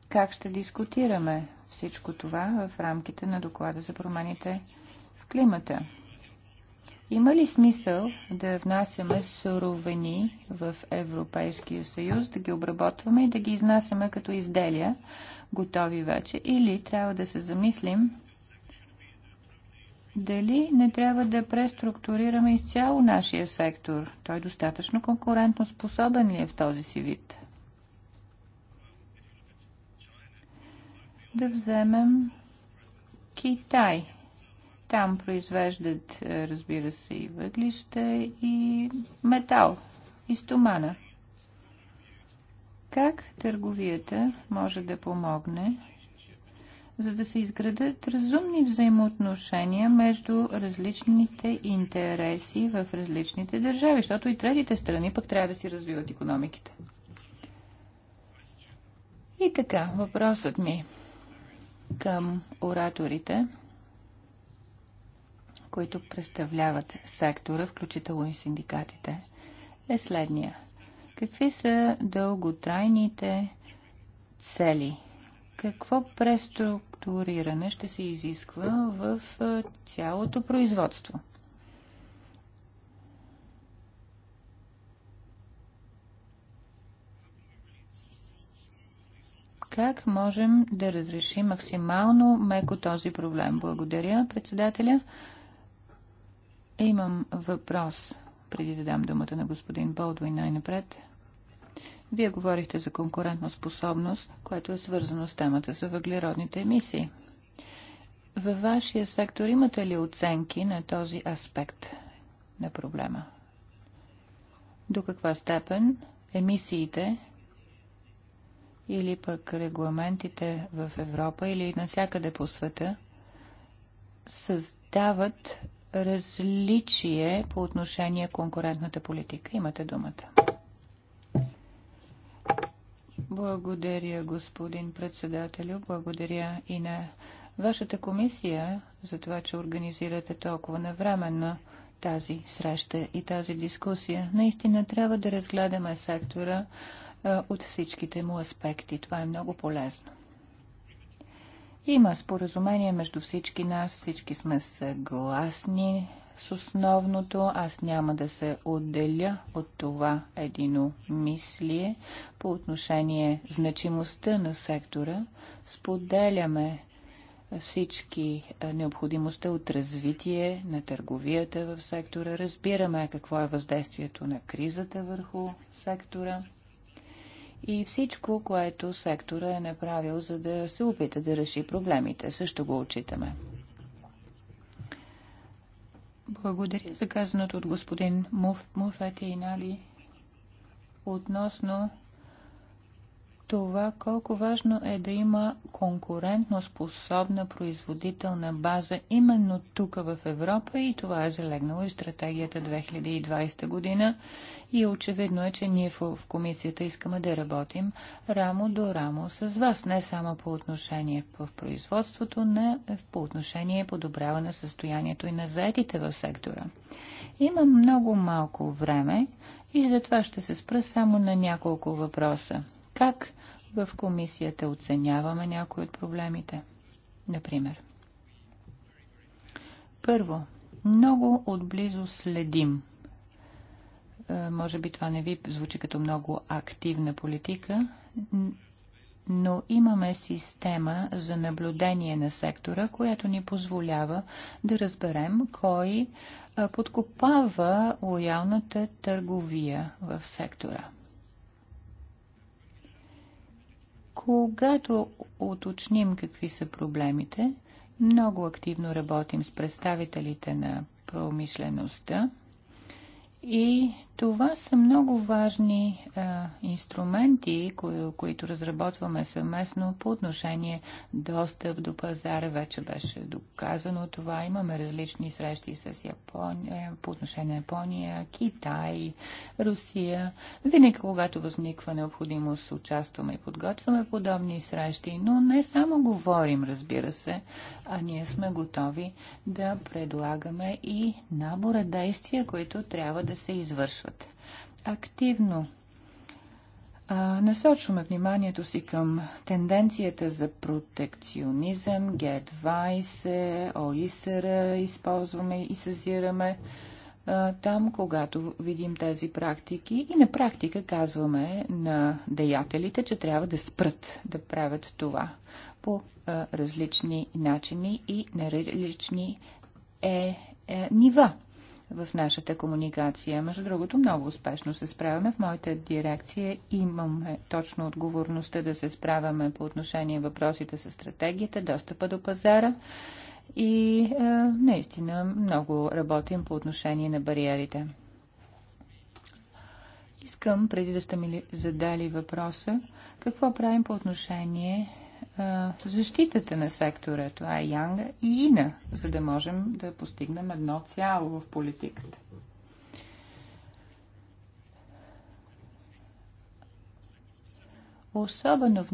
Как ще дискутираме всичко това в рамките на доклада за промените в климата? Има ли смисъл да внасяме суровини в Европейския съюз, да ги обработваме и да ги изнасяме като изделия, готови вече? Или трябва да се замислим дали не трябва да преструктурираме изцяло нашия сектор? Той достатъчно конкурентно способен ли е в този си вид? Да вземем Китай. Там произвеждат, разбира се, и въглища, и метал, и стомана. Как търговията може да помогне, за да се изградат разумни взаимоотношения между различните интереси в различните държави, защото и третите страни пък трябва да си развиват економиките. И така, въпросът ми е към ораторите, които представляват сектора, включително и синдикатите, е следния. Какви са дълготрайните цели? Какво преструктуриране ще се изисква в цялото производство? как можем да разрешим максимално меко този проблем. Благодаря, председателя. Имам въпрос, преди да дам думата на господин Болдуин най-напред. Вие говорихте за конкурентна способност, което е свързано с темата за въглеродните емисии. Във вашия сектор имате ли оценки на този аспект на проблема? До каква степен емисиите или пък регламентите в Европа или навсякъде по света създават различие по отношение конкурентната политика. Имате думата. Благодаря, господин председателю. Благодаря и на вашата комисия за това, че организирате толкова навременно тази среща и тази дискусия. Наистина трябва да разгледаме сектора от всичките му аспекти. Това е много полезно. Има споразумение между всички нас, всички сме съгласни с основното. Аз няма да се отделя от това единомислие по отношение значимостта на сектора. Споделяме всички необходимостта от развитие на търговията в сектора. Разбираме какво е въздействието на кризата върху сектора и всичко, което сектора е направил, за да се опита да реши проблемите. Също го отчитаме. Благодаря за казаното от господин Муфет и Нали относно това колко важно е да има конкурентно способна производителна база именно тук в Европа и това е залегнало и стратегията 2020 година и очевидно е, че ние в комисията искаме да работим рамо до рамо с вас, не само по отношение в производството, не по отношение подобряване състоянието и на заетите в сектора. Има много малко време и за това ще се спра само на няколко въпроса. Как в комисията оценяваме някои от проблемите? Например, първо, много отблизо следим. Може би това не ви звучи като много активна политика, но имаме система за наблюдение на сектора, която ни позволява да разберем кой подкопава лоялната търговия в сектора. Когато уточним какви са проблемите, много активно работим с представителите на промишлеността И това са много важни е, инструменти, кои, които разработваме съвместно по отношение достъп до пазара. Вече беше доказано това. Имаме различни срещи с Япония, по отношение на Япония, Китай, Русия. Винаги, когато възниква необходимост, участваме и подготвяме подобни срещи, но не само говорим, разбира се, а ние сме готови да предлагаме и набора действия, които трябва да се извършват. Активно Насочваме вниманието си към тенденцията за протекционизъм, g 20 ОИСР използваме и съзираме там, когато видим тези практики и на практика казваме на деятелите, че трябва да спрат да правят това по различни начини и на различни е, е, нива в нашата комуникация. Между другото, много успешно се справяме. В моята дирекция имаме точно отговорността да се справяме по отношение въпросите с стратегията, достъпа до пазара и е, наистина много работим по отношение на бариерите. Искам, преди да сте ми задали въпроса, какво правим по отношение защитата на сектора. Това е Янга и Ина, за да можем да постигнем едно цяло в политиката. Особено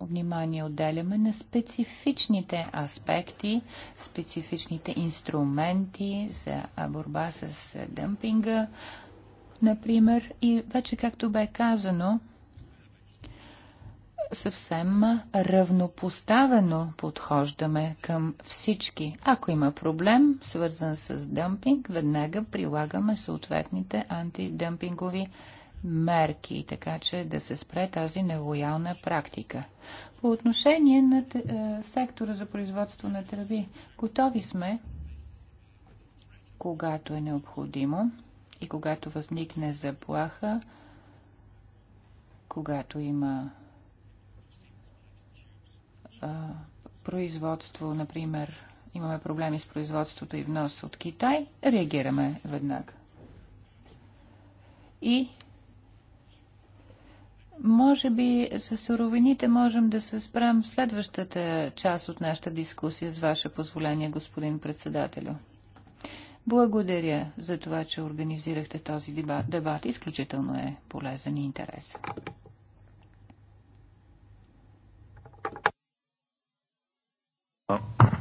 внимание отделяме на специфичните аспекти, специфичните инструменти за борба с дъмпинга, например. И вече, както бе казано, съвсем равнопоставено подхождаме към всички. Ако има проблем, свързан с дъмпинг, веднага прилагаме съответните антидъмпингови мерки, така че да се спре тази нелоялна практика. По отношение на сектора за производство на тръби, готови сме, когато е необходимо и когато възникне заплаха, когато има производство, например, имаме проблеми с производството и внос от Китай, реагираме веднага. И може би с суровините можем да се спрем в следващата част от нашата дискусия с ваше позволение, господин председателю. Благодаря за това, че организирахте този дебат. Изключително е полезен и интересен.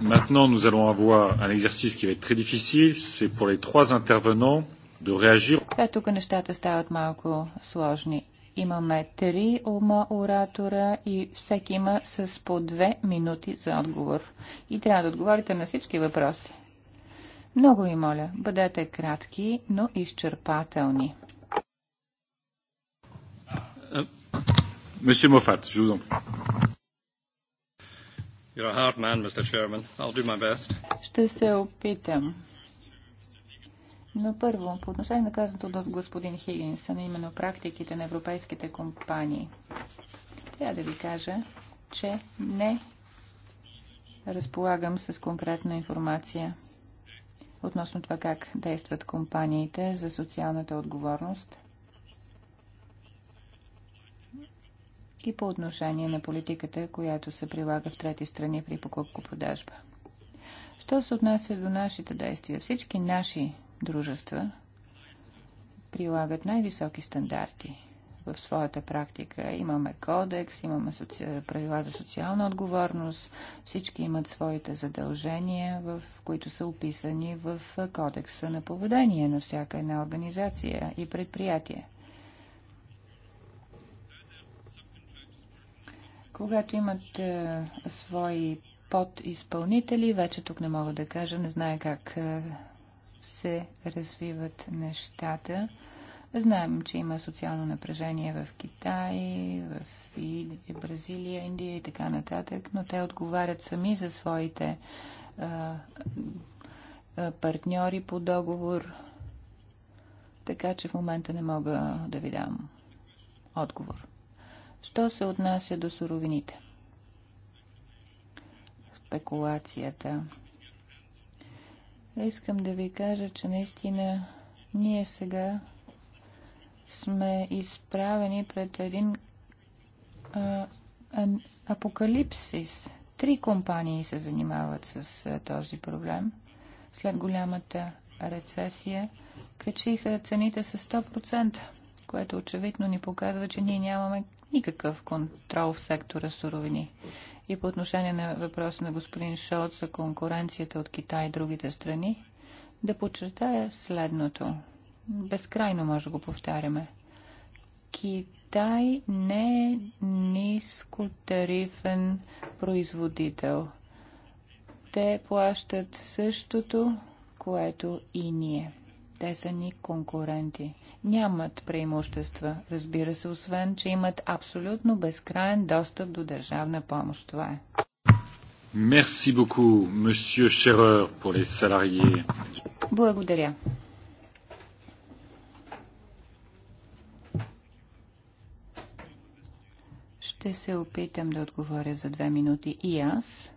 Maintenant, nous allons avoir un exercice qui va être très difficile. C'est pour les trois intervenants de réagir. Е, тук нещата стават малко сложни. Имаме три ума оратора и всеки има с по две минути за отговор. И трябва да отговорите на всички въпроси. Много ви моля, бъдете кратки, но изчерпателни. Monsieur Moffat, je vous en prie. You're a hard man, Mr. Chairman. I'll do my best. Ще се опитам. Но първо, по отношение на казаното от господин Хигинсън, именно практиките на европейските компании, трябва да ви кажа, че не разполагам с конкретна информация относно това как действат компаниите за социалната отговорност и по отношение на политиката, която се прилага в трети страни при покупко-продажба. Що се отнася до нашите действия? Всички наши дружества прилагат най-високи стандарти в своята практика. Имаме кодекс, имаме соци... правила за социална отговорност, всички имат своите задължения, в които са описани в кодекса на поведение на всяка една организация и предприятие. когато имат е, свои подизпълнители, вече тук не мога да кажа, не знае как е, се развиват нещата. Знаем, че има социално напрежение в Китай, в и Бразилия, Индия и така нататък, но те отговарят сами за своите а, а, партньори по договор. Така че в момента не мога да ви дам отговор. Що се отнася до суровините? Спекулацията. Искам да ви кажа, че наистина ние сега сме изправени пред един а, а, апокалипсис. Три компании се занимават с а, този проблем. След голямата рецесия качиха цените с 100%, което очевидно ни показва, че ние нямаме никакъв контрол в сектора суровини. И по отношение на въпроса на господин Шот за конкуренцията от Китай и другите страни, да подчертая следното. Безкрайно може да го повтаряме. Китай не е нискотарифен производител. Те плащат същото, което и ние. Те са ни конкуренти нямат преимущества, разбира се, освен, че имат абсолютно безкрайен достъп до държавна помощ. Това е. Merci beaucoup, monsieur Scherer, pour les salariés. Благодаря. Ще се опитам да отговоря за две минути и аз.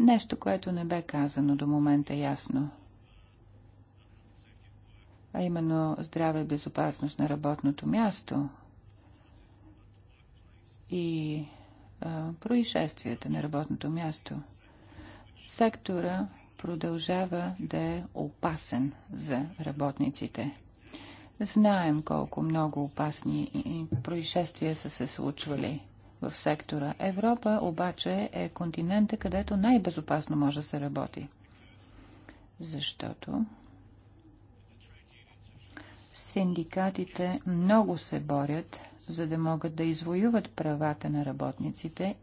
Нещо, което не бе казано до момента ясно. А именно здраве и безопасност на работното място и а, происшествията на работното място. Сектора продължава да е опасен за работниците. Знаем колко много опасни происшествия са се случвали в сектора. Европа обаче е континента, където най-безопасно може да се работи. Защото синдикатите много се борят, за да могат да извоюват правата на работниците.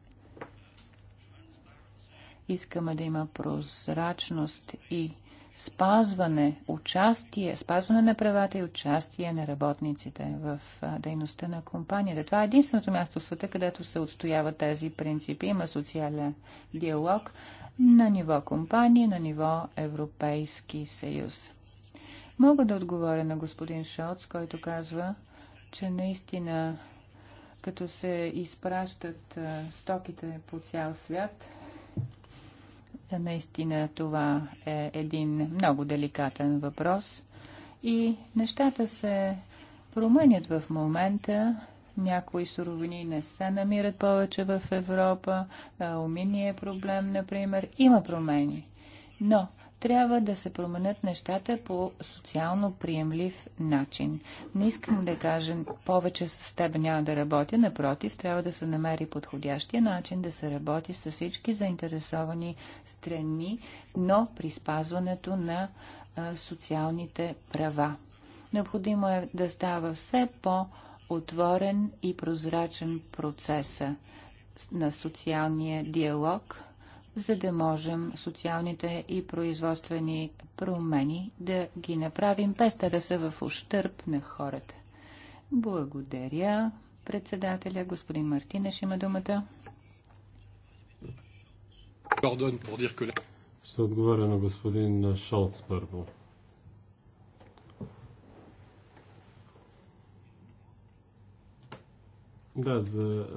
Искаме да има прозрачност и спазване, участие, спазване на правата и участие на работниците в дейността на компанията. Това е единственото място в света, където се отстояват тези принципи. Има социален диалог на ниво компании, на ниво Европейски съюз. Мога да отговоря на господин Шоц, който казва, че наистина като се изпращат стоките по цял свят – Наистина това е един много деликатен въпрос и нещата се променят в момента. Някои суровини не се намират повече в Европа. Уминия е проблем, например. Има промени. Но трябва да се променят нещата по социално приемлив начин. Не искам да кажа повече с теб няма да работя, напротив, трябва да се намери подходящия начин да се работи с всички заинтересовани страни, но при спазването на а, социалните права. Необходимо е да става все по-отворен и прозрачен процеса на социалния диалог за да можем социалните и производствени промени да ги направим без те да са в ущърп на хората. Благодаря. Председателя, господин Мартинеш има думата. Ще отговоря на господин Шолц първо. Да, за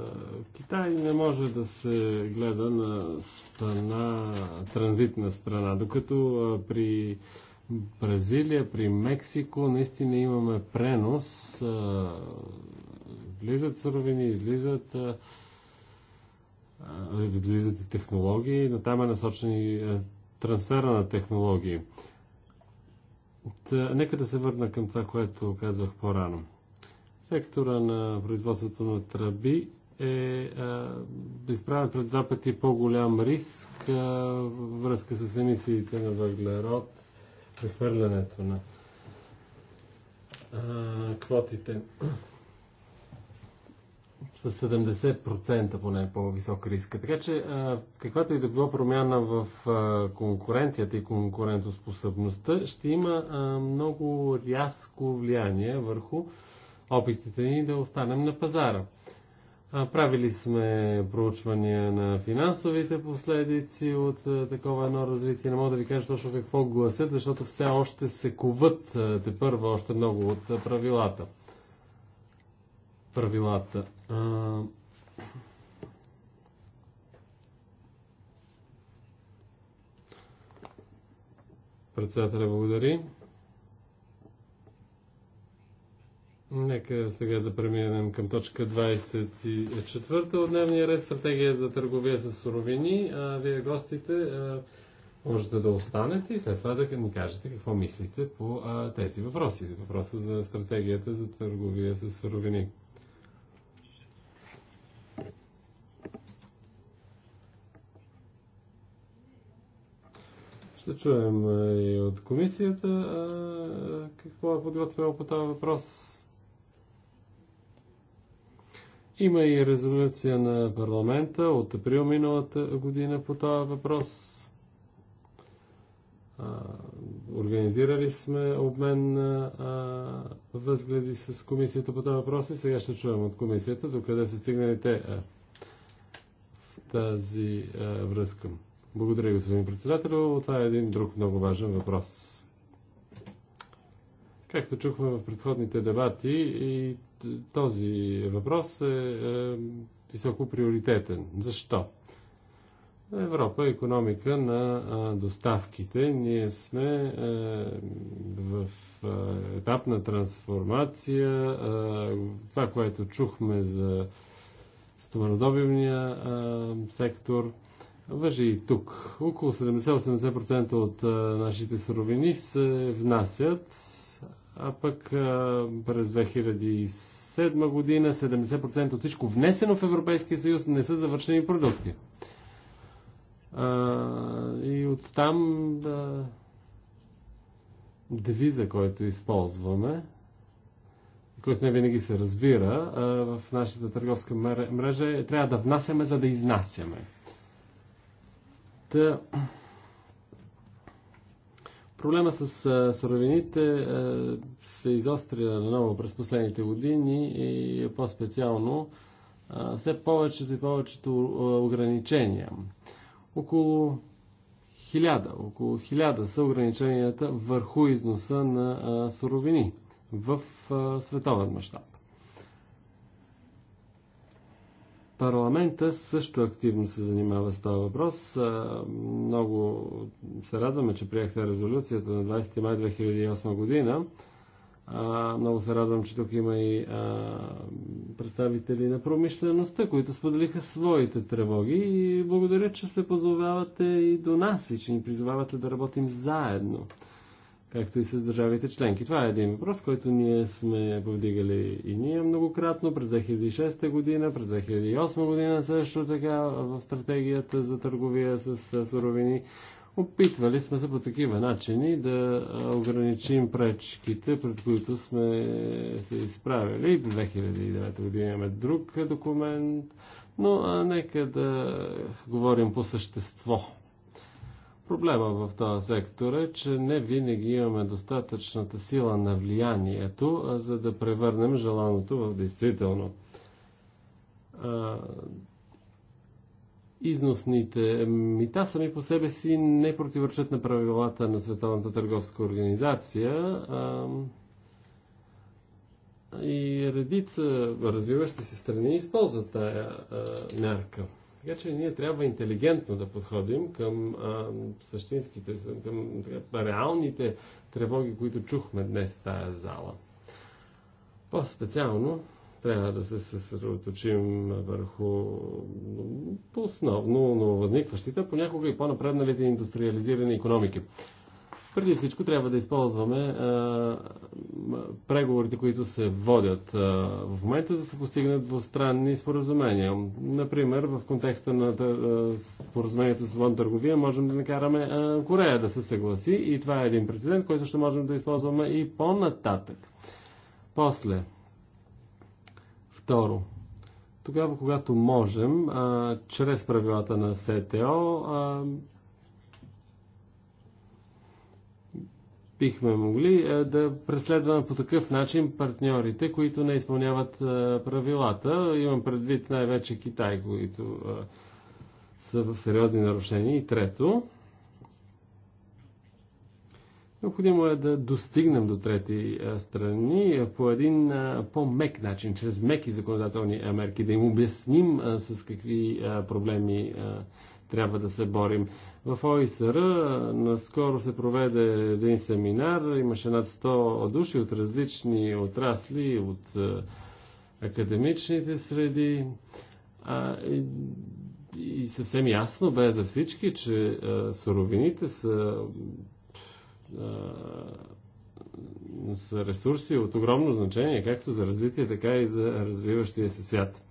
Китай не може да се гледа на страна, транзитна страна, докато при Бразилия, при Мексико наистина имаме пренос. Влизат суровини, излизат излизат и технологии, но там е насочен и трансфера на технологии. Та, нека да се върна към това, което казвах по-рано. Сектора на производството на тръби е изправен пред два пъти по-голям риск във връзка с емисиите на въглерод, прехвърлянето на а, квотите с 70% поне по-висок риск. Така че а, каквато и да било промяна в а, конкуренцията и конкурентоспособността, ще има а, много рязко влияние върху опитите ни да останем на пазара. Правили сме проучвания на финансовите последици от такова едно развитие. Не мога да ви кажа точно какво гласят, защото все още се куват те първа още много от правилата. Правилата. Председателя благодари. Нека сега да преминем към точка 24 от дневния ред. Стратегия за търговия с суровини. А, вие гостите а, можете да останете и след това да ни кажете какво мислите по а, тези въпроси. Въпроса за стратегията за търговия с суровини. Ще чуем и от комисията какво е подготвяло по този въпрос. Има и резолюция на парламента от април миналата година по този въпрос. Организирали сме обмен на възгледи с комисията по този въпрос и сега ще чуем от комисията до къде са стигнали те а, в тази а, връзка. Благодаря, господин председател. Това е един друг много важен въпрос. Както чухме в предходните дебати, и този въпрос е, високо приоритетен. Защо? Европа е економика на доставките. Ние сме в етап на трансформация. това, което чухме за стоманодобивния сектор, въжи и тук. Около 70-80% от нашите суровини се внасят а пък през 2007 година 70% от всичко внесено в Европейския съюз не са завършени продукти. А, и оттам да, девиза, който използваме, който не винаги се разбира а, в нашата търговска мрежа, трябва да внасяме, за да изнасяме. Та, Проблема с суровините се изостря много през последните години и по-специално все повечето и повечето ограничения. Около хиляда, около хиляда са ограниченията върху износа на суровини в световен мащаб. Парламента също активно се занимава с този въпрос. Много се радваме, че приехте резолюцията на 20 май 2008 година. Много се радвам, че тук има и представители на промишлеността, които споделиха своите тревоги и благодаря, че се позовавате и до нас и че ни призовавате да работим заедно както и с държавите членки. Това е един въпрос, който ние сме повдигали и ние многократно през 2006 година, през 2008 година също така в стратегията за търговия с суровини. Опитвали сме се по такива начини да ограничим пречките, пред които сме се изправили. В 2009 година имаме друг документ, но а, нека да говорим по същество Проблема в този сектор е, че не винаги имаме достатъчната сила на влиянието, за да превърнем желаното в действително. Износните мита сами по себе си не противоречат на правилата на Световната търговска организация и редица развиващи се страни използват тая мярка. Така че ние трябва интелигентно да подходим към а, същинските, към така, реалните тревоги, които чухме днес в тази зала. По-специално трябва да се съсредоточим върху основно възникващите, понякога и по-напредналите индустриализирани економики. Преди всичко трябва да използваме а, преговорите, които се водят а, в момента, за да се постигнат двустранни споразумения. Например, в контекста на а, споразумението с вън търговия можем да накараме а, Корея да се съгласи и това е един прецедент, който ще можем да използваме и по-нататък. После. Второ. Тогава, когато можем, а, чрез правилата на СТО, а, бихме могли да преследваме по такъв начин партньорите, които не изпълняват правилата. Имам предвид най-вече Китай, които са в сериозни нарушения. И трето, Необходимо е да достигнем до трети страни по един по-мек начин, чрез меки законодателни мерки, да им обясним с какви проблеми трябва да се борим. В ОИСР наскоро се проведе един семинар, имаше над 100 души от различни отрасли, от академичните среди. А, и, и съвсем ясно бе за всички, че а, суровините са, а, са ресурси от огромно значение, както за развитие, така и за развиващия се свят.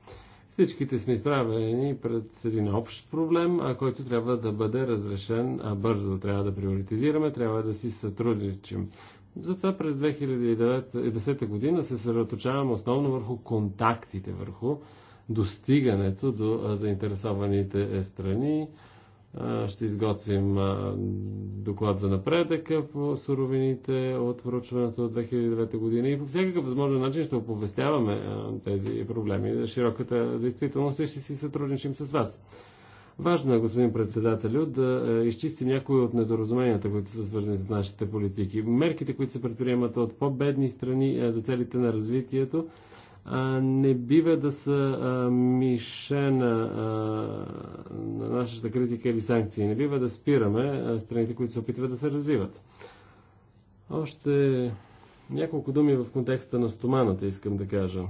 Всичките сме изправени пред един общ проблем, а който трябва да бъде разрешен а бързо. Трябва да приоритизираме, трябва да си сътрудничим. Затова през 2010 година се съсредоточаваме основно върху контактите, върху достигането до заинтересованите страни, ще изготвим доклад за напредъка по суровините от проучването от 2009 година и по всякакъв възможен начин ще оповестяваме тези проблеми. Широката действителност и ще си сътрудничим с вас. Важно е, господин председателю, да изчистим някои от недоразуменията, които са свързани с нашите политики. Мерките, които се предприемат от по-бедни страни за целите на развитието, не бива да са мишена на нашата критика или санкции. Не бива да спираме страните, които се опитват да се развиват. Още няколко думи в контекста на стоманата искам да кажа.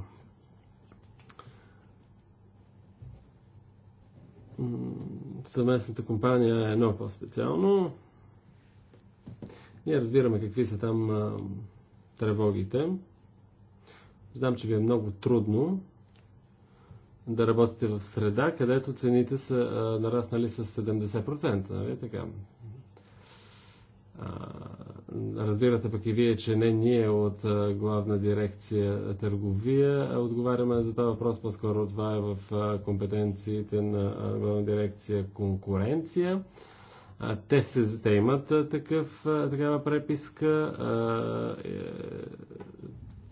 Съвместната компания е едно по-специално. Ние разбираме какви са там тревогите. Знам, че ви е много трудно да работите в среда, където цените са а, нараснали с 70%, нали така? А, разбирате пък и вие, че не ние от а, главна дирекция търговия отговаряме за този въпрос, по-скоро това е в а, компетенциите на а, главна дирекция конкуренция. А, те, се, те имат а, такъв, а, такава преписка. А, е,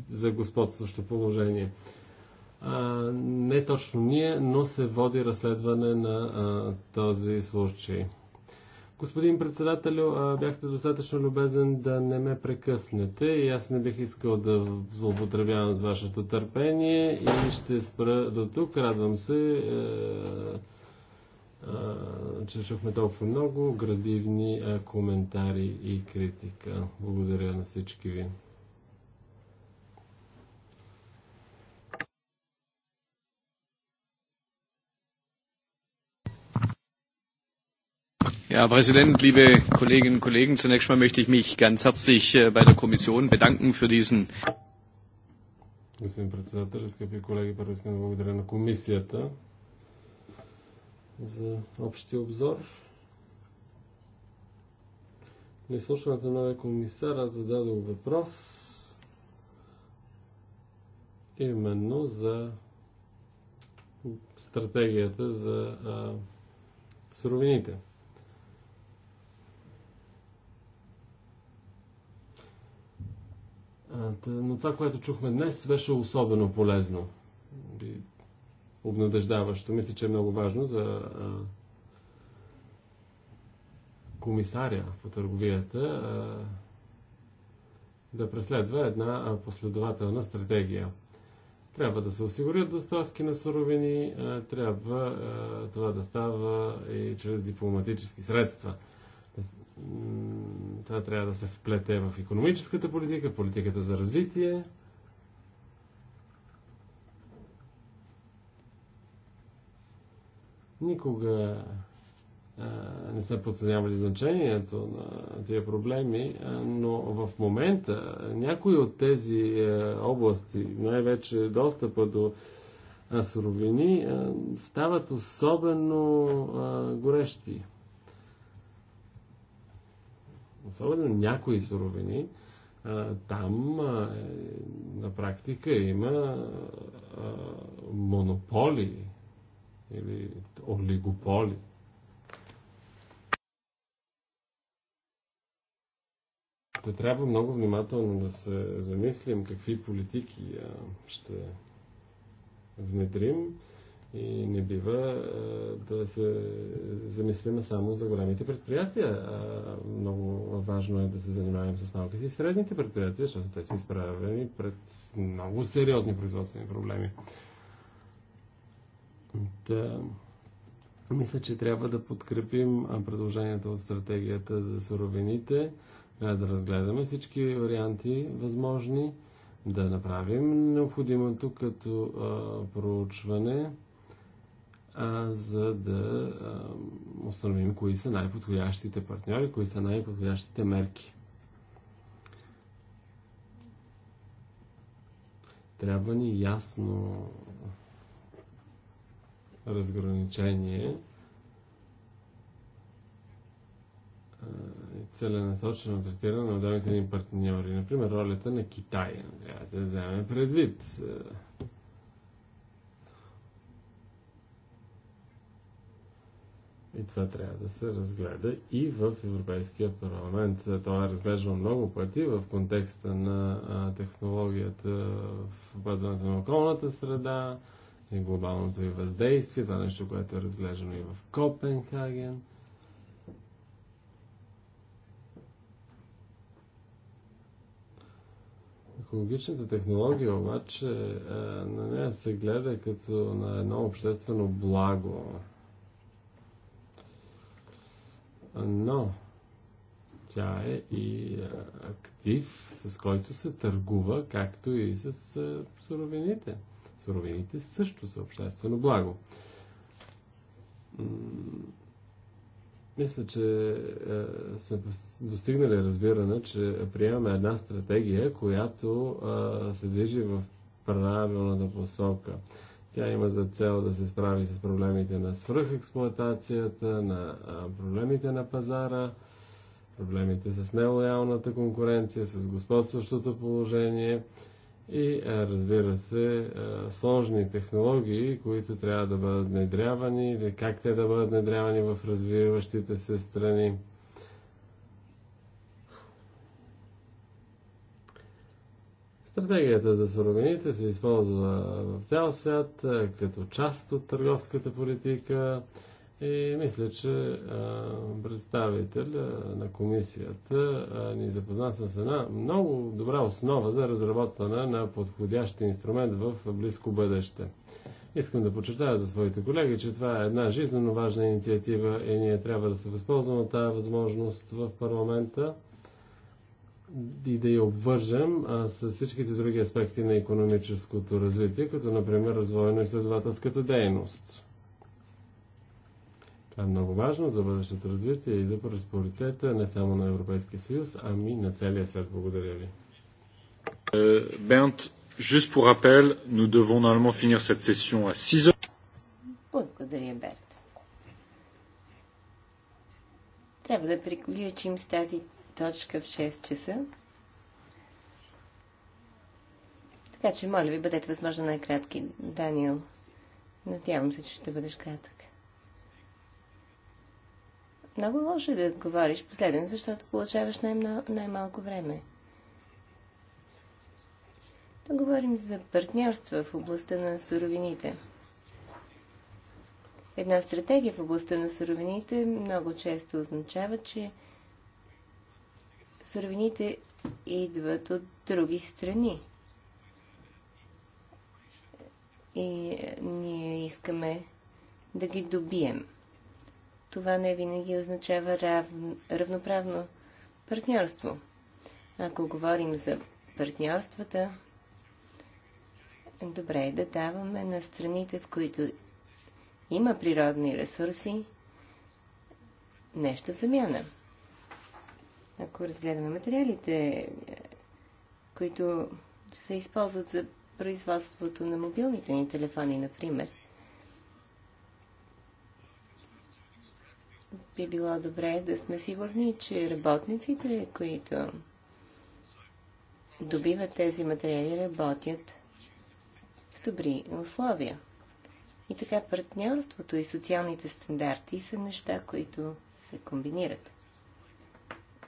за господстващо положение. А, не точно ние, но се води разследване на а, този случай. Господин председател, бяхте достатъчно любезен да не ме прекъснете и аз не бих искал да злоупотребявам с вашето търпение и ще спра до тук. Радвам се, е, е, че чухме толкова много градивни е, коментари и критика. Благодаря на всички ви. Ja, Herr Präsident, liebe Kolleginnen und Kollegen! Zunächst einmal möchte ich mich ganz herzlich bei der Kommission bedanken für diesen. Господин председател, скъпи колеги, първо искам да благодаря на комисията за общия обзор. На изслушването на комисара зададох въпрос именно за стратегията за а, суровините. Но това, което чухме днес, беше особено полезно. и Обнадеждаващо. Мисля, че е много важно за комисаря по търговията да преследва една последователна стратегия. Трябва да се осигурят доставки на суровини, трябва това да става и чрез дипломатически средства това трябва да се вплете в економическата политика, в политиката за развитие. Никога а, не са подценявали значението на тия проблеми, а, но в момента някои от тези а, области, най-вече достъпа до а, суровини, а, стават особено а, горещи особено някои суровини, там на практика има монополи или олигополи. То трябва много внимателно да се замислим какви политики ще внедрим И не бива да се замислиме само за големите предприятия. Много важно е да се занимаваме с науката и средните предприятия, защото те са изправени пред много сериозни производствени проблеми. Да. Мисля, че трябва да подкрепим предложението от стратегията за суровините. Трябва да разгледаме всички варианти възможни, да направим необходимото като а, проучване за да установим кои са най-подходящите партньори, кои са най-подходящите мерки. Трябва ни ясно разграничение и целенасочено третиране на отделните ни партньори. Например, ролята на Китай трябва да се вземе предвид. И това трябва да се разгледа и в Европейския парламент. Това е разглеждано много пъти в контекста на технологията в опазването на околната среда и глобалното и въздействие. Това нещо, което е разглеждано и в Копенхаген. екологичната технология обаче на нея се гледа като на едно обществено благо но тя е и актив, с който се търгува, както и с суровините. Суровините също са обществено благо. Мисля, че сме достигнали разбиране, че приемаме една стратегия, която се движи в правилната посока. Тя има за цел да се справи с проблемите на свръхексплуатацията, на проблемите на пазара, проблемите с нелоялната конкуренция, с господстващото положение и, разбира се, сложни технологии, които трябва да бъдат внедрявани, как те да бъдат внедрявани в развиващите се страни. Стратегията за суровините се използва в цял свят като част от търговската политика и мисля, че представител на комисията ни запозна с една много добра основа за разработване на подходящ инструмент в близко бъдеще. Искам да подчертая за своите колеги, че това е една жизненно важна инициатива и ние трябва да се възползваме от тази възможност в парламента и да я обвържем а, с всичките други аспекти на економическото развитие, като например развойно-изследователската дейност. Това е много важно за бъдещето развитие и за проспоритета не само на Европейския съюз, ами на целия свят. Благодаря ви. Бернт, juste pour rappel, nous devons normalement finir cette session à 6 heures. Благодаря, Берт. Трябва да приключим с тази точка в 6 часа. Така че, моля ви, бъдете възможно най-кратки. Даниел, надявам се, че ще бъдеш кратък. Много лошо е да говориш последен, защото получаваш най-малко време. Да говорим за партньорства в областта на суровините. Една стратегия в областта на суровините много често означава, че суровините идват от други страни. И ние искаме да ги добием. Това не винаги означава рав... равноправно партньорство. Ако говорим за партньорствата, добре е да даваме на страните, в които има природни ресурси, нещо в замяна – ако разгледаме материалите, които се използват за производството на мобилните ни телефони, например, би било добре да сме сигурни, че работниците, които добиват тези материали, работят в добри условия. И така партньорството и социалните стандарти са неща, които се комбинират.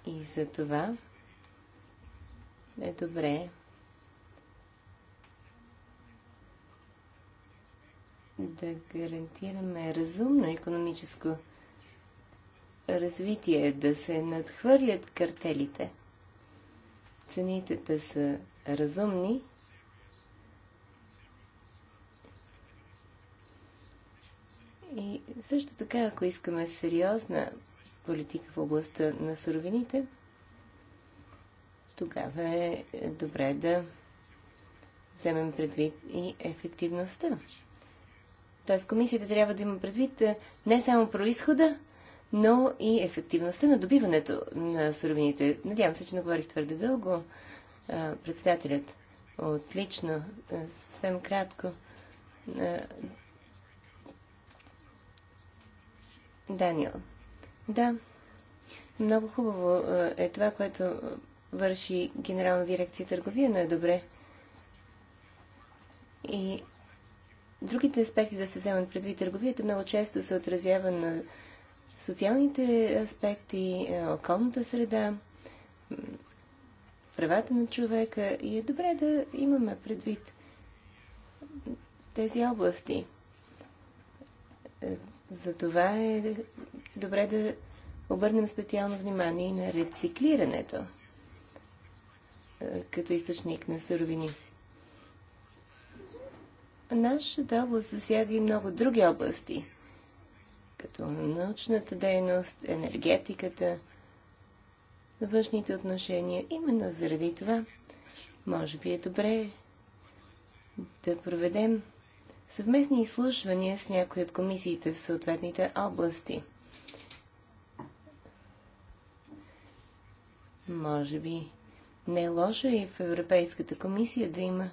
И за това е добре да гарантираме разумно економическо развитие, да се надхвърлят картелите, цените да са разумни и също така, ако искаме сериозна политика в областта на суровините, тогава е добре да вземем предвид и ефективността. Тоест комисията трябва да има предвид не само происхода, но и ефективността на добиването на суровините. Надявам се, че не говорих твърде дълго. Председателят отлично, съвсем кратко. Даниел. Да, много хубаво е това, което върши Генерална дирекция търговия, но е добре. И другите аспекти да се вземат предвид търговията много често се отразява на социалните аспекти, околната среда, правата на човека и е добре да имаме предвид тези области. За това е добре да обърнем специално внимание и на рециклирането като източник на суровини. Нашата област засяга и много други области, като научната дейност, енергетиката, външните отношения. Именно заради това, може би е добре да проведем съвместни изслушвания с някои от комисиите в съответните области – Може би не е лошо и в Европейската комисия да има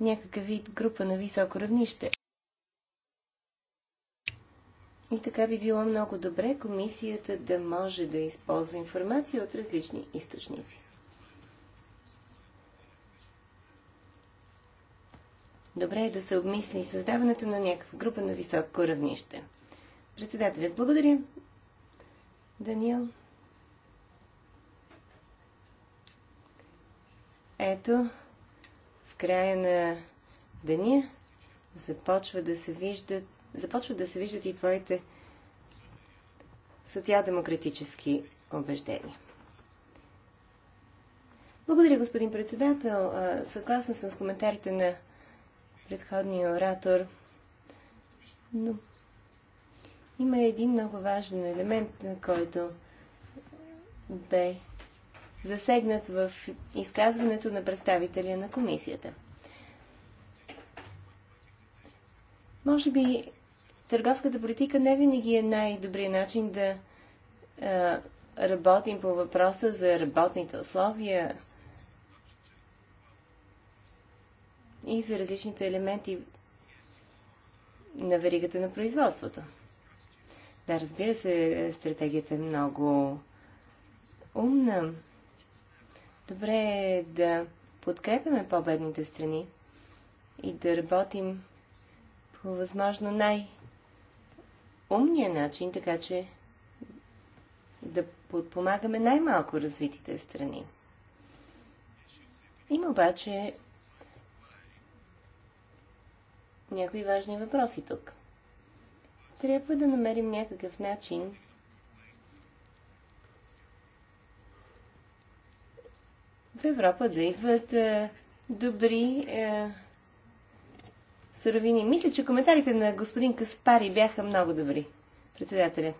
някакъв вид група на високо равнище. И така би било много добре комисията да може да използва информация от различни източници. Добре е да се обмисли създаването на някаква група на високо равнище. Председателят, благодаря. Даниел. ето, в края на деня започва да се виждат, започва да се виждат и твоите социал-демократически убеждения. Благодаря, господин председател. Съгласна съм с коментарите на предходния оратор. Но има един много важен елемент, на който бе засегнат в изказването на представителя на комисията. Може би търговската политика не винаги е най-добрият начин да а, работим по въпроса за работните условия и за различните елементи на веригата на производството. Да, разбира се, стратегията е много умна. Добре е да подкрепяме по-бедните страни и да работим по възможно най-умния начин, така че да подпомагаме най-малко развитите страни. Има обаче някои важни въпроси тук. Трябва да намерим някакъв начин в Европа да идват добри суровини. Мисля, че коментарите на господин Каспари бяха много добри, председателя.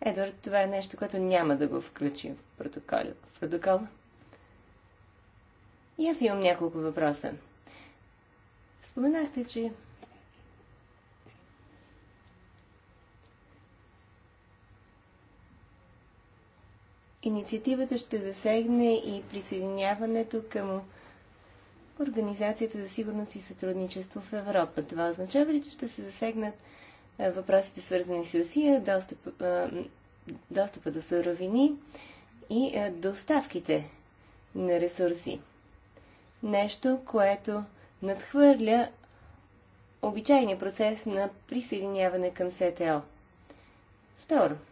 Едвард, това е нещо, което няма да го включим в протокола. В протокола. И аз имам няколко въпроса. Споменахте, че Инициативата ще засегне и присъединяването към Организацията за сигурност и сътрудничество в Европа. Това означава ли, че ще се засегнат въпросите свързани с Русия, достъп, достъпа до суровини и доставките на ресурси? Нещо, което надхвърля обичайния процес на присъединяване към СТО. Второ –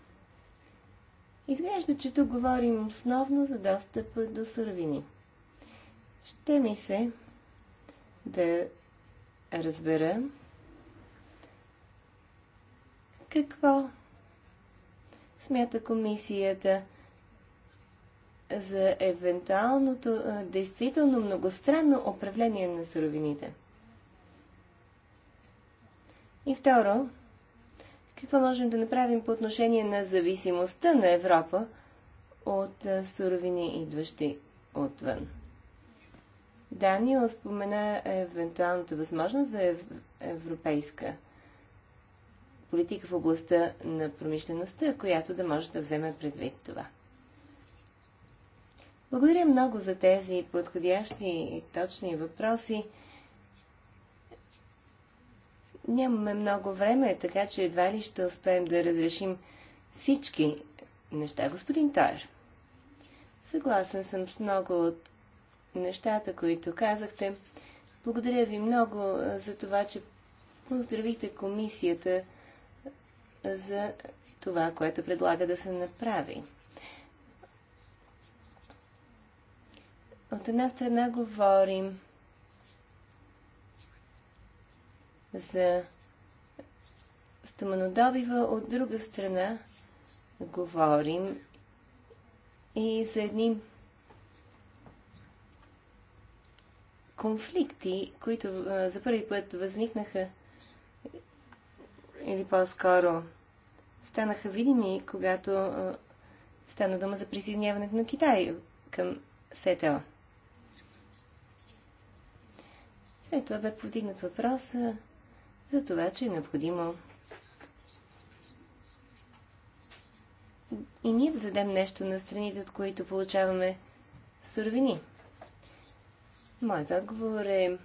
Изглежда, че тук говорим основно за достъпа до суровини. Ще ми се да разбера какво смята комисията за евентуалното действително многостранно управление на суровините. И второ, какво можем да направим по отношение на зависимостта на Европа от суровини, идващи отвън. Даниел спомена евентуалната възможност за европейска политика в областта на промишлеността, която да може да вземе предвид това. Благодаря много за тези подходящи и точни въпроси. Нямаме много време, така че едва ли ще успеем да разрешим всички неща, господин Тойер. Съгласен съм с много от нещата, които казахте. Благодаря ви много за това, че поздравихте комисията за това, което предлага да се направи. От една страна говорим за стоманодобива, от друга страна говорим и за едни конфликти, които а, за първи път възникнаха или по-скоро станаха видими, когато а, стана дума за присъединяването на Китай към СТО. След това бе повдигнат въпроса за това, че е необходимо и ние да дадем нещо на страните, от които получаваме суровини. Моят отговор е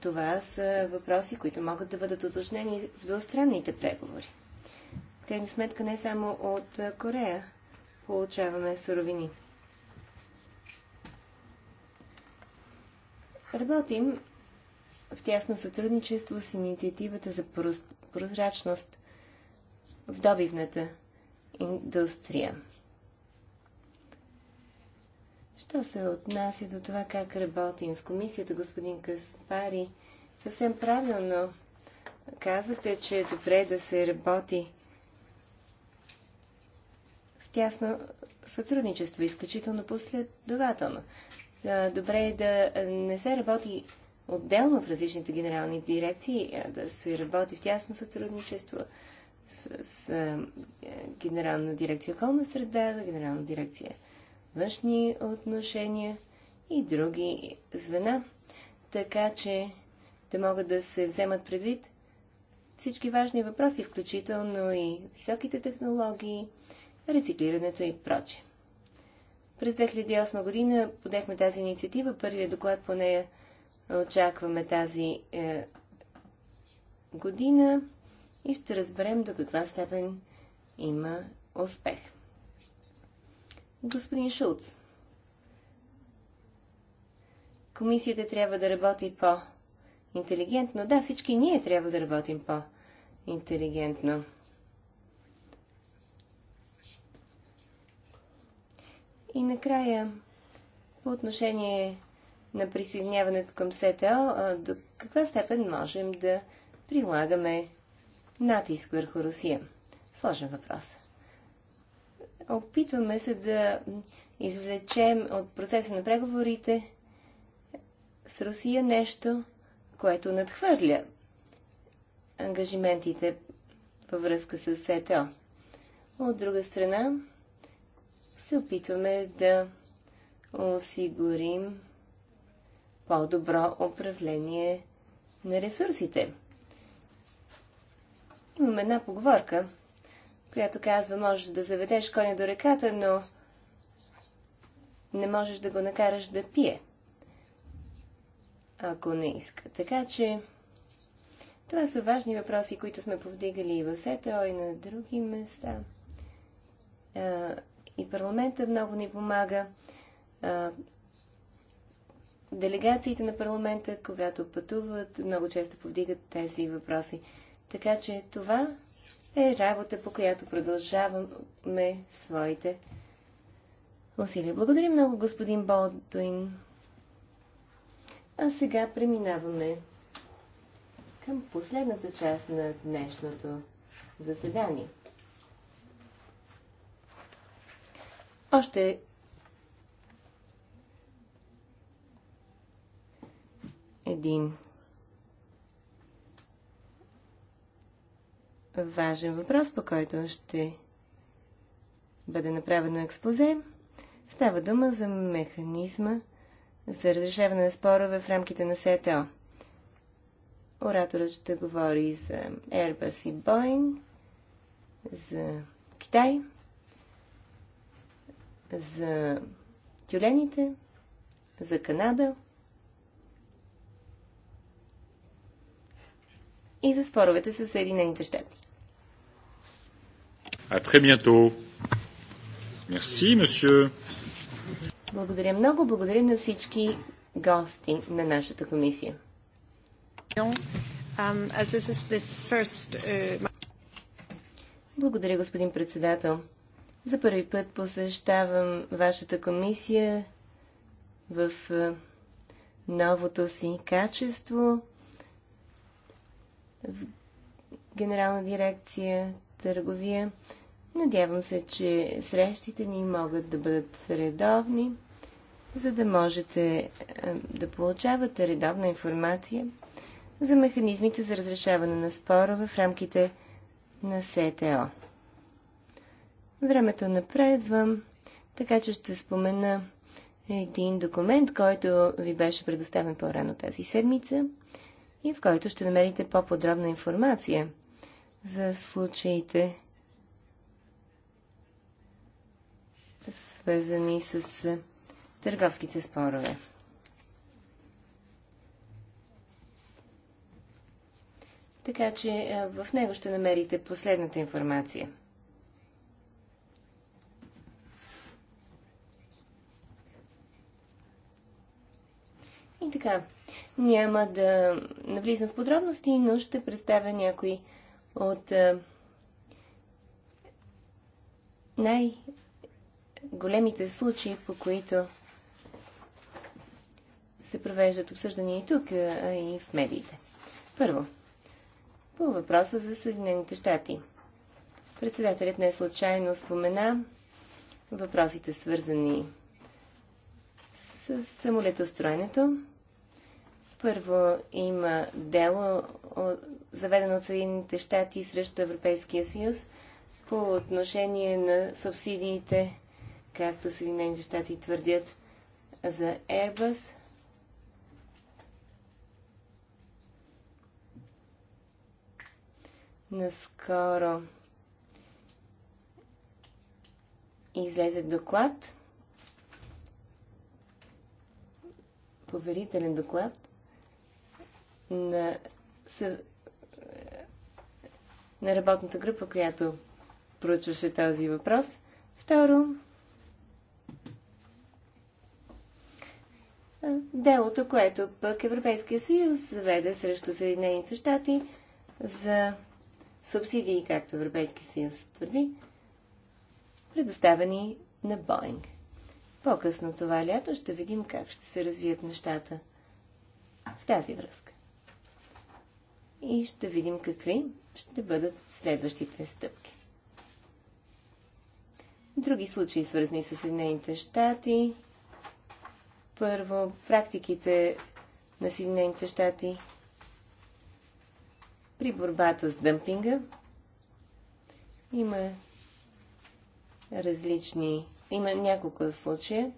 това са въпроси, които могат да бъдат уточнени в двустранните преговори. Те ни сметка не само от Корея получаваме суровини. Работим в тясно сътрудничество с инициативата за прозрачност в добивната индустрия. Що се отнася до това как работим в комисията, господин Каспари, съвсем правилно казвате, че е добре да се работи в тясно сътрудничество, изключително последователно. Добре е да не се работи отделно в различните генерални дирекции, да се работи в тясно сътрудничество с, с е, Генерална дирекция околна среда, Генерална дирекция външни отношения и други звена, така че да могат да се вземат предвид всички важни въпроси, включително и високите технологии, рециклирането и прочее. През 2008 година подехме тази инициатива. Първият доклад по нея – очакваме тази е, година и ще разберем до каква степен има успех. Господин Шулц, комисията трябва да работи по-интелигентно. Да, всички ние трябва да работим по-интелигентно. И накрая, по отношение на присъединяването към СТО, до каква степен можем да прилагаме натиск върху Русия? Сложен въпрос. Опитваме се да извлечем от процеса на преговорите с Русия нещо, което надхвърля ангажиментите във връзка с СТО. От друга страна, се опитваме да осигурим по-добро управление на ресурсите. Имам една поговорка, която казва, можеш да заведеш коня до реката, но не можеш да го накараш да пие, ако не иска. Така че това са важни въпроси, които сме повдигали и в СТО, и на други места. И парламента много ни помага Делегациите на парламента, когато пътуват, много често повдигат тези въпроси. Така че това е работа, по която продължаваме своите усилия. Благодаря много, господин Болдуин. А сега преминаваме към последната част на днешното заседание. Още един важен въпрос, по който ще бъде направено експозе. Става дума за механизма за разрешаване на спорове в рамките на СТО. Ораторът ще говори за Airbus и Boeing, за Китай, за тюлените, за Канада, и за споровете с Съединените щати. А très bientôt. Merci, monsieur. Благодаря много, благодаря на всички гости на нашата комисия. Благодаря, господин председател. За първи път посещавам вашата комисия в новото си качество в Генерална дирекция търговия. Надявам се, че срещите ни могат да бъдат редовни, за да можете да получавате редовна информация за механизмите за разрешаване на спорове в рамките на СТО. Времето напредвам, така че ще спомена един документ, който ви беше предоставен по-рано тази седмица – и в който ще намерите по-подробна информация за случаите, свързани с търговските спорове. Така че в него ще намерите последната информация – И така, няма да навлизам в подробности, но ще представя някои от най-големите случаи, по които се провеждат обсъждания и тук, а и в медиите. Първо, по въпроса за Съединените щати. Председателят не случайно спомена въпросите свързани с самолетостроенето, Първо има дело, заведено от Съединените щати срещу Европейския съюз по отношение на субсидиите, както Съединените щати твърдят за Airbus. Наскоро излезе доклад, поверителен доклад, на, на работната група, която проучваше този въпрос. Второ, делото, което пък Европейския съюз заведе срещу Съединените щати за субсидии, както Европейския съюз твърди, предоставени на Боинг. По-късно това лято ще видим как ще се развият нещата в тази връзка и ще видим какви ще бъдат следващите стъпки. Други случаи, свързани с Съединените щати. Първо, практиките на Съединените щати при борбата с дъмпинга. Има различни. Има няколко случая.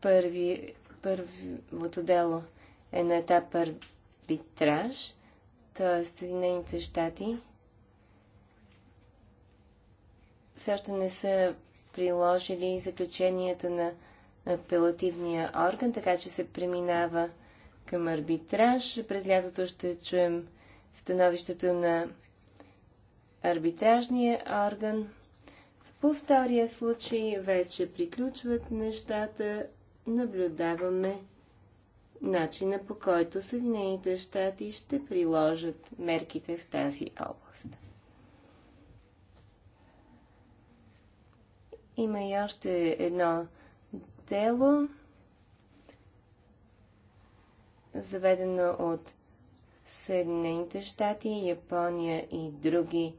Първи, първото дело е на етап арбитраж – Съединените щати все още не са приложили заключенията на апелативния орган, така че се преминава към арбитраж. През лятото ще чуем становището на арбитражния орган. По втория случай вече приключват нещата, наблюдаваме начина по който Съединените щати ще приложат мерките в тази област. Има и още едно дело, заведено от Съединените щати, Япония и други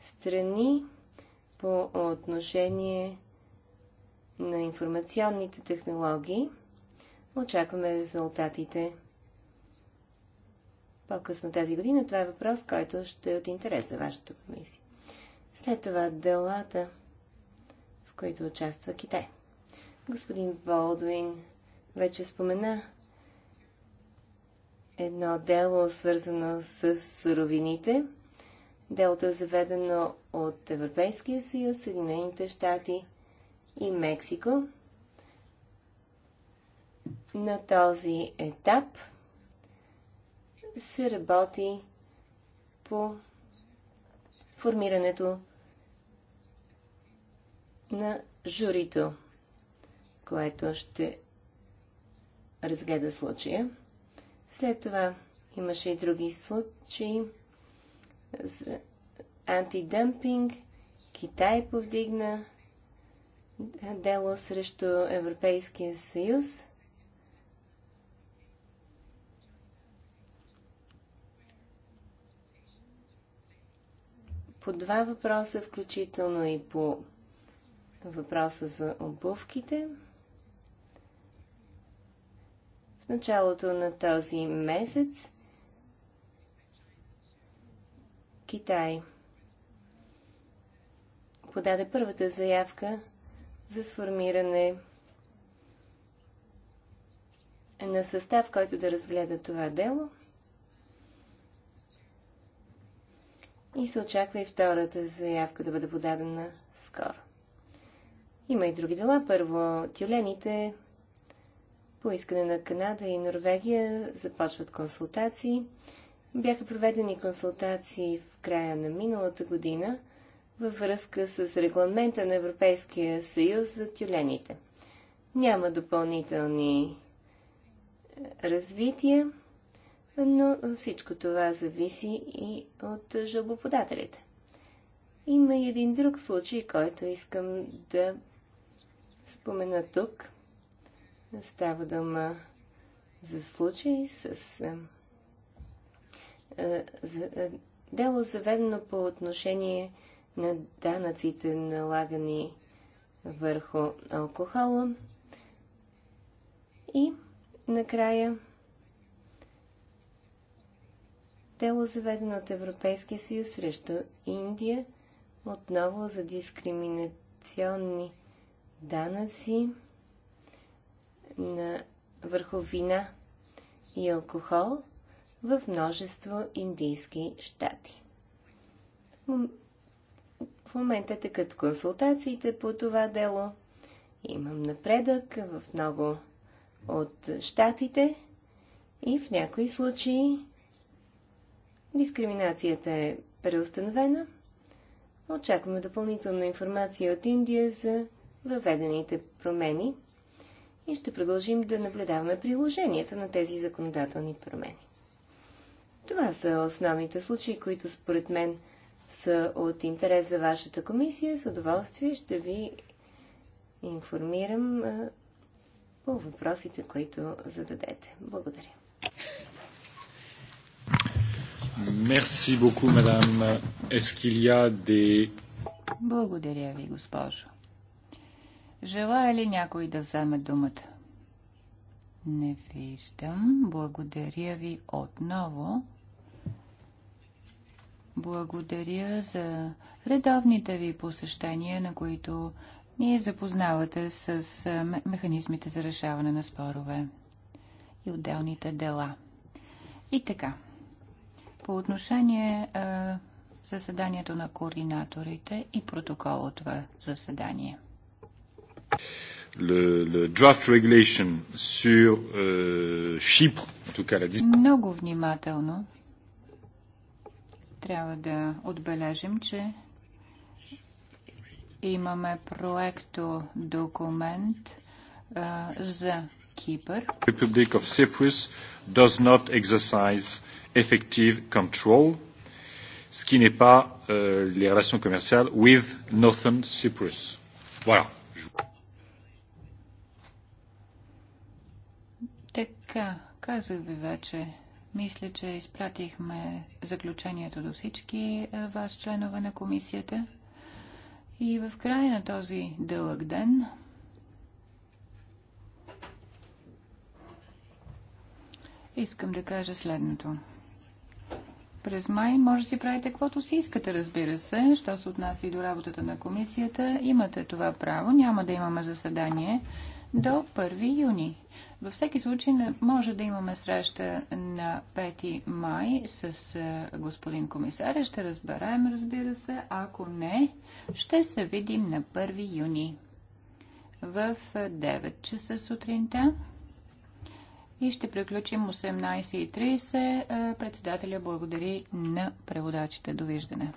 страни по отношение на информационните технологии. Очакваме резултатите по-късно тази година. Това е въпрос, който ще е от интерес за вашата комисия. След това делата, в които участва Китай. Господин Болдуин вече спомена едно дело, свързано с суровините. Делото е заведено от Европейския съюз, Съединените щати и Мексико. На този етап се работи по формирането на журито, което ще разгледа случая. След това имаше и други случаи за антидъмпинг. Китай повдигна дело срещу Европейския съюз по два въпроса, включително и по въпроса за обувките. В началото на този месец Китай подаде първата заявка за сформиране на състав, който да разгледа това дело. и се очаква и втората заявка да бъде подадена скоро. Има и други дела. Първо, тюлените по искане на Канада и Норвегия започват консултации. Бяха проведени консултации в края на миналата година във връзка с регламента на Европейския съюз за тюлените. Няма допълнителни развития но всичко това зависи и от жалбоподателите. Има и един друг случай, който искам да спомена тук. Става дума за случай с а, за, а, дело заведено по отношение на данъците налагани върху алкохола и накрая дело заведено от Европейския съюз срещу Индия, отново за дискриминационни данъци на върху вина и алкохол в множество индийски щати. В момента текат консултациите по това дело. Имам напредък в много от щатите и в някои случаи Дискриминацията е преустановена. Очакваме допълнителна информация от Индия за въведените промени и ще продължим да наблюдаваме приложението на тези законодателни промени. Това са основните случаи, които според мен са от интерес за вашата комисия. С удоволствие ще ви информирам по въпросите, които зададете. Благодаря. Merci beaucoup, madame. Est-ce qu'il y a des... Благодаря ви, госпожо. Желая ли някой да вземе думата? Не виждам. Благодаря ви отново. Благодаря за редовните ви посещения, на които ни запознавате с механизмите за решаване на спорове и отделните дела. И така. По отношение а, заседанието на координаторите и протокол от това заседание. Le, le draft regulation sur euh, Chypre, en tout cas la Много внимателно трябва да отбележим, че имаме проекто документ а, за Кипър. Republic of Cyprus does not exercise effective control, ce qui n'est pas euh, les relations commerciales with Northern Cyprus. Voilà. Така, казах ви вече. Мисля, че изпратихме заключението до всички вас, членове на комисията. И в края на този дълъг ден искам да кажа следното през май може да си правите каквото си искате, разбира се. Що се отнася и до работата на комисията, имате това право. Няма да имаме заседание до 1 юни. Във всеки случай може да имаме среща на 5 май с господин комисаря. Ще разберем, разбира се. Ако не, ще се видим на 1 юни в 9 часа сутринта и ще приключим 18.30. Председателя благодари на преводачите. Довиждане.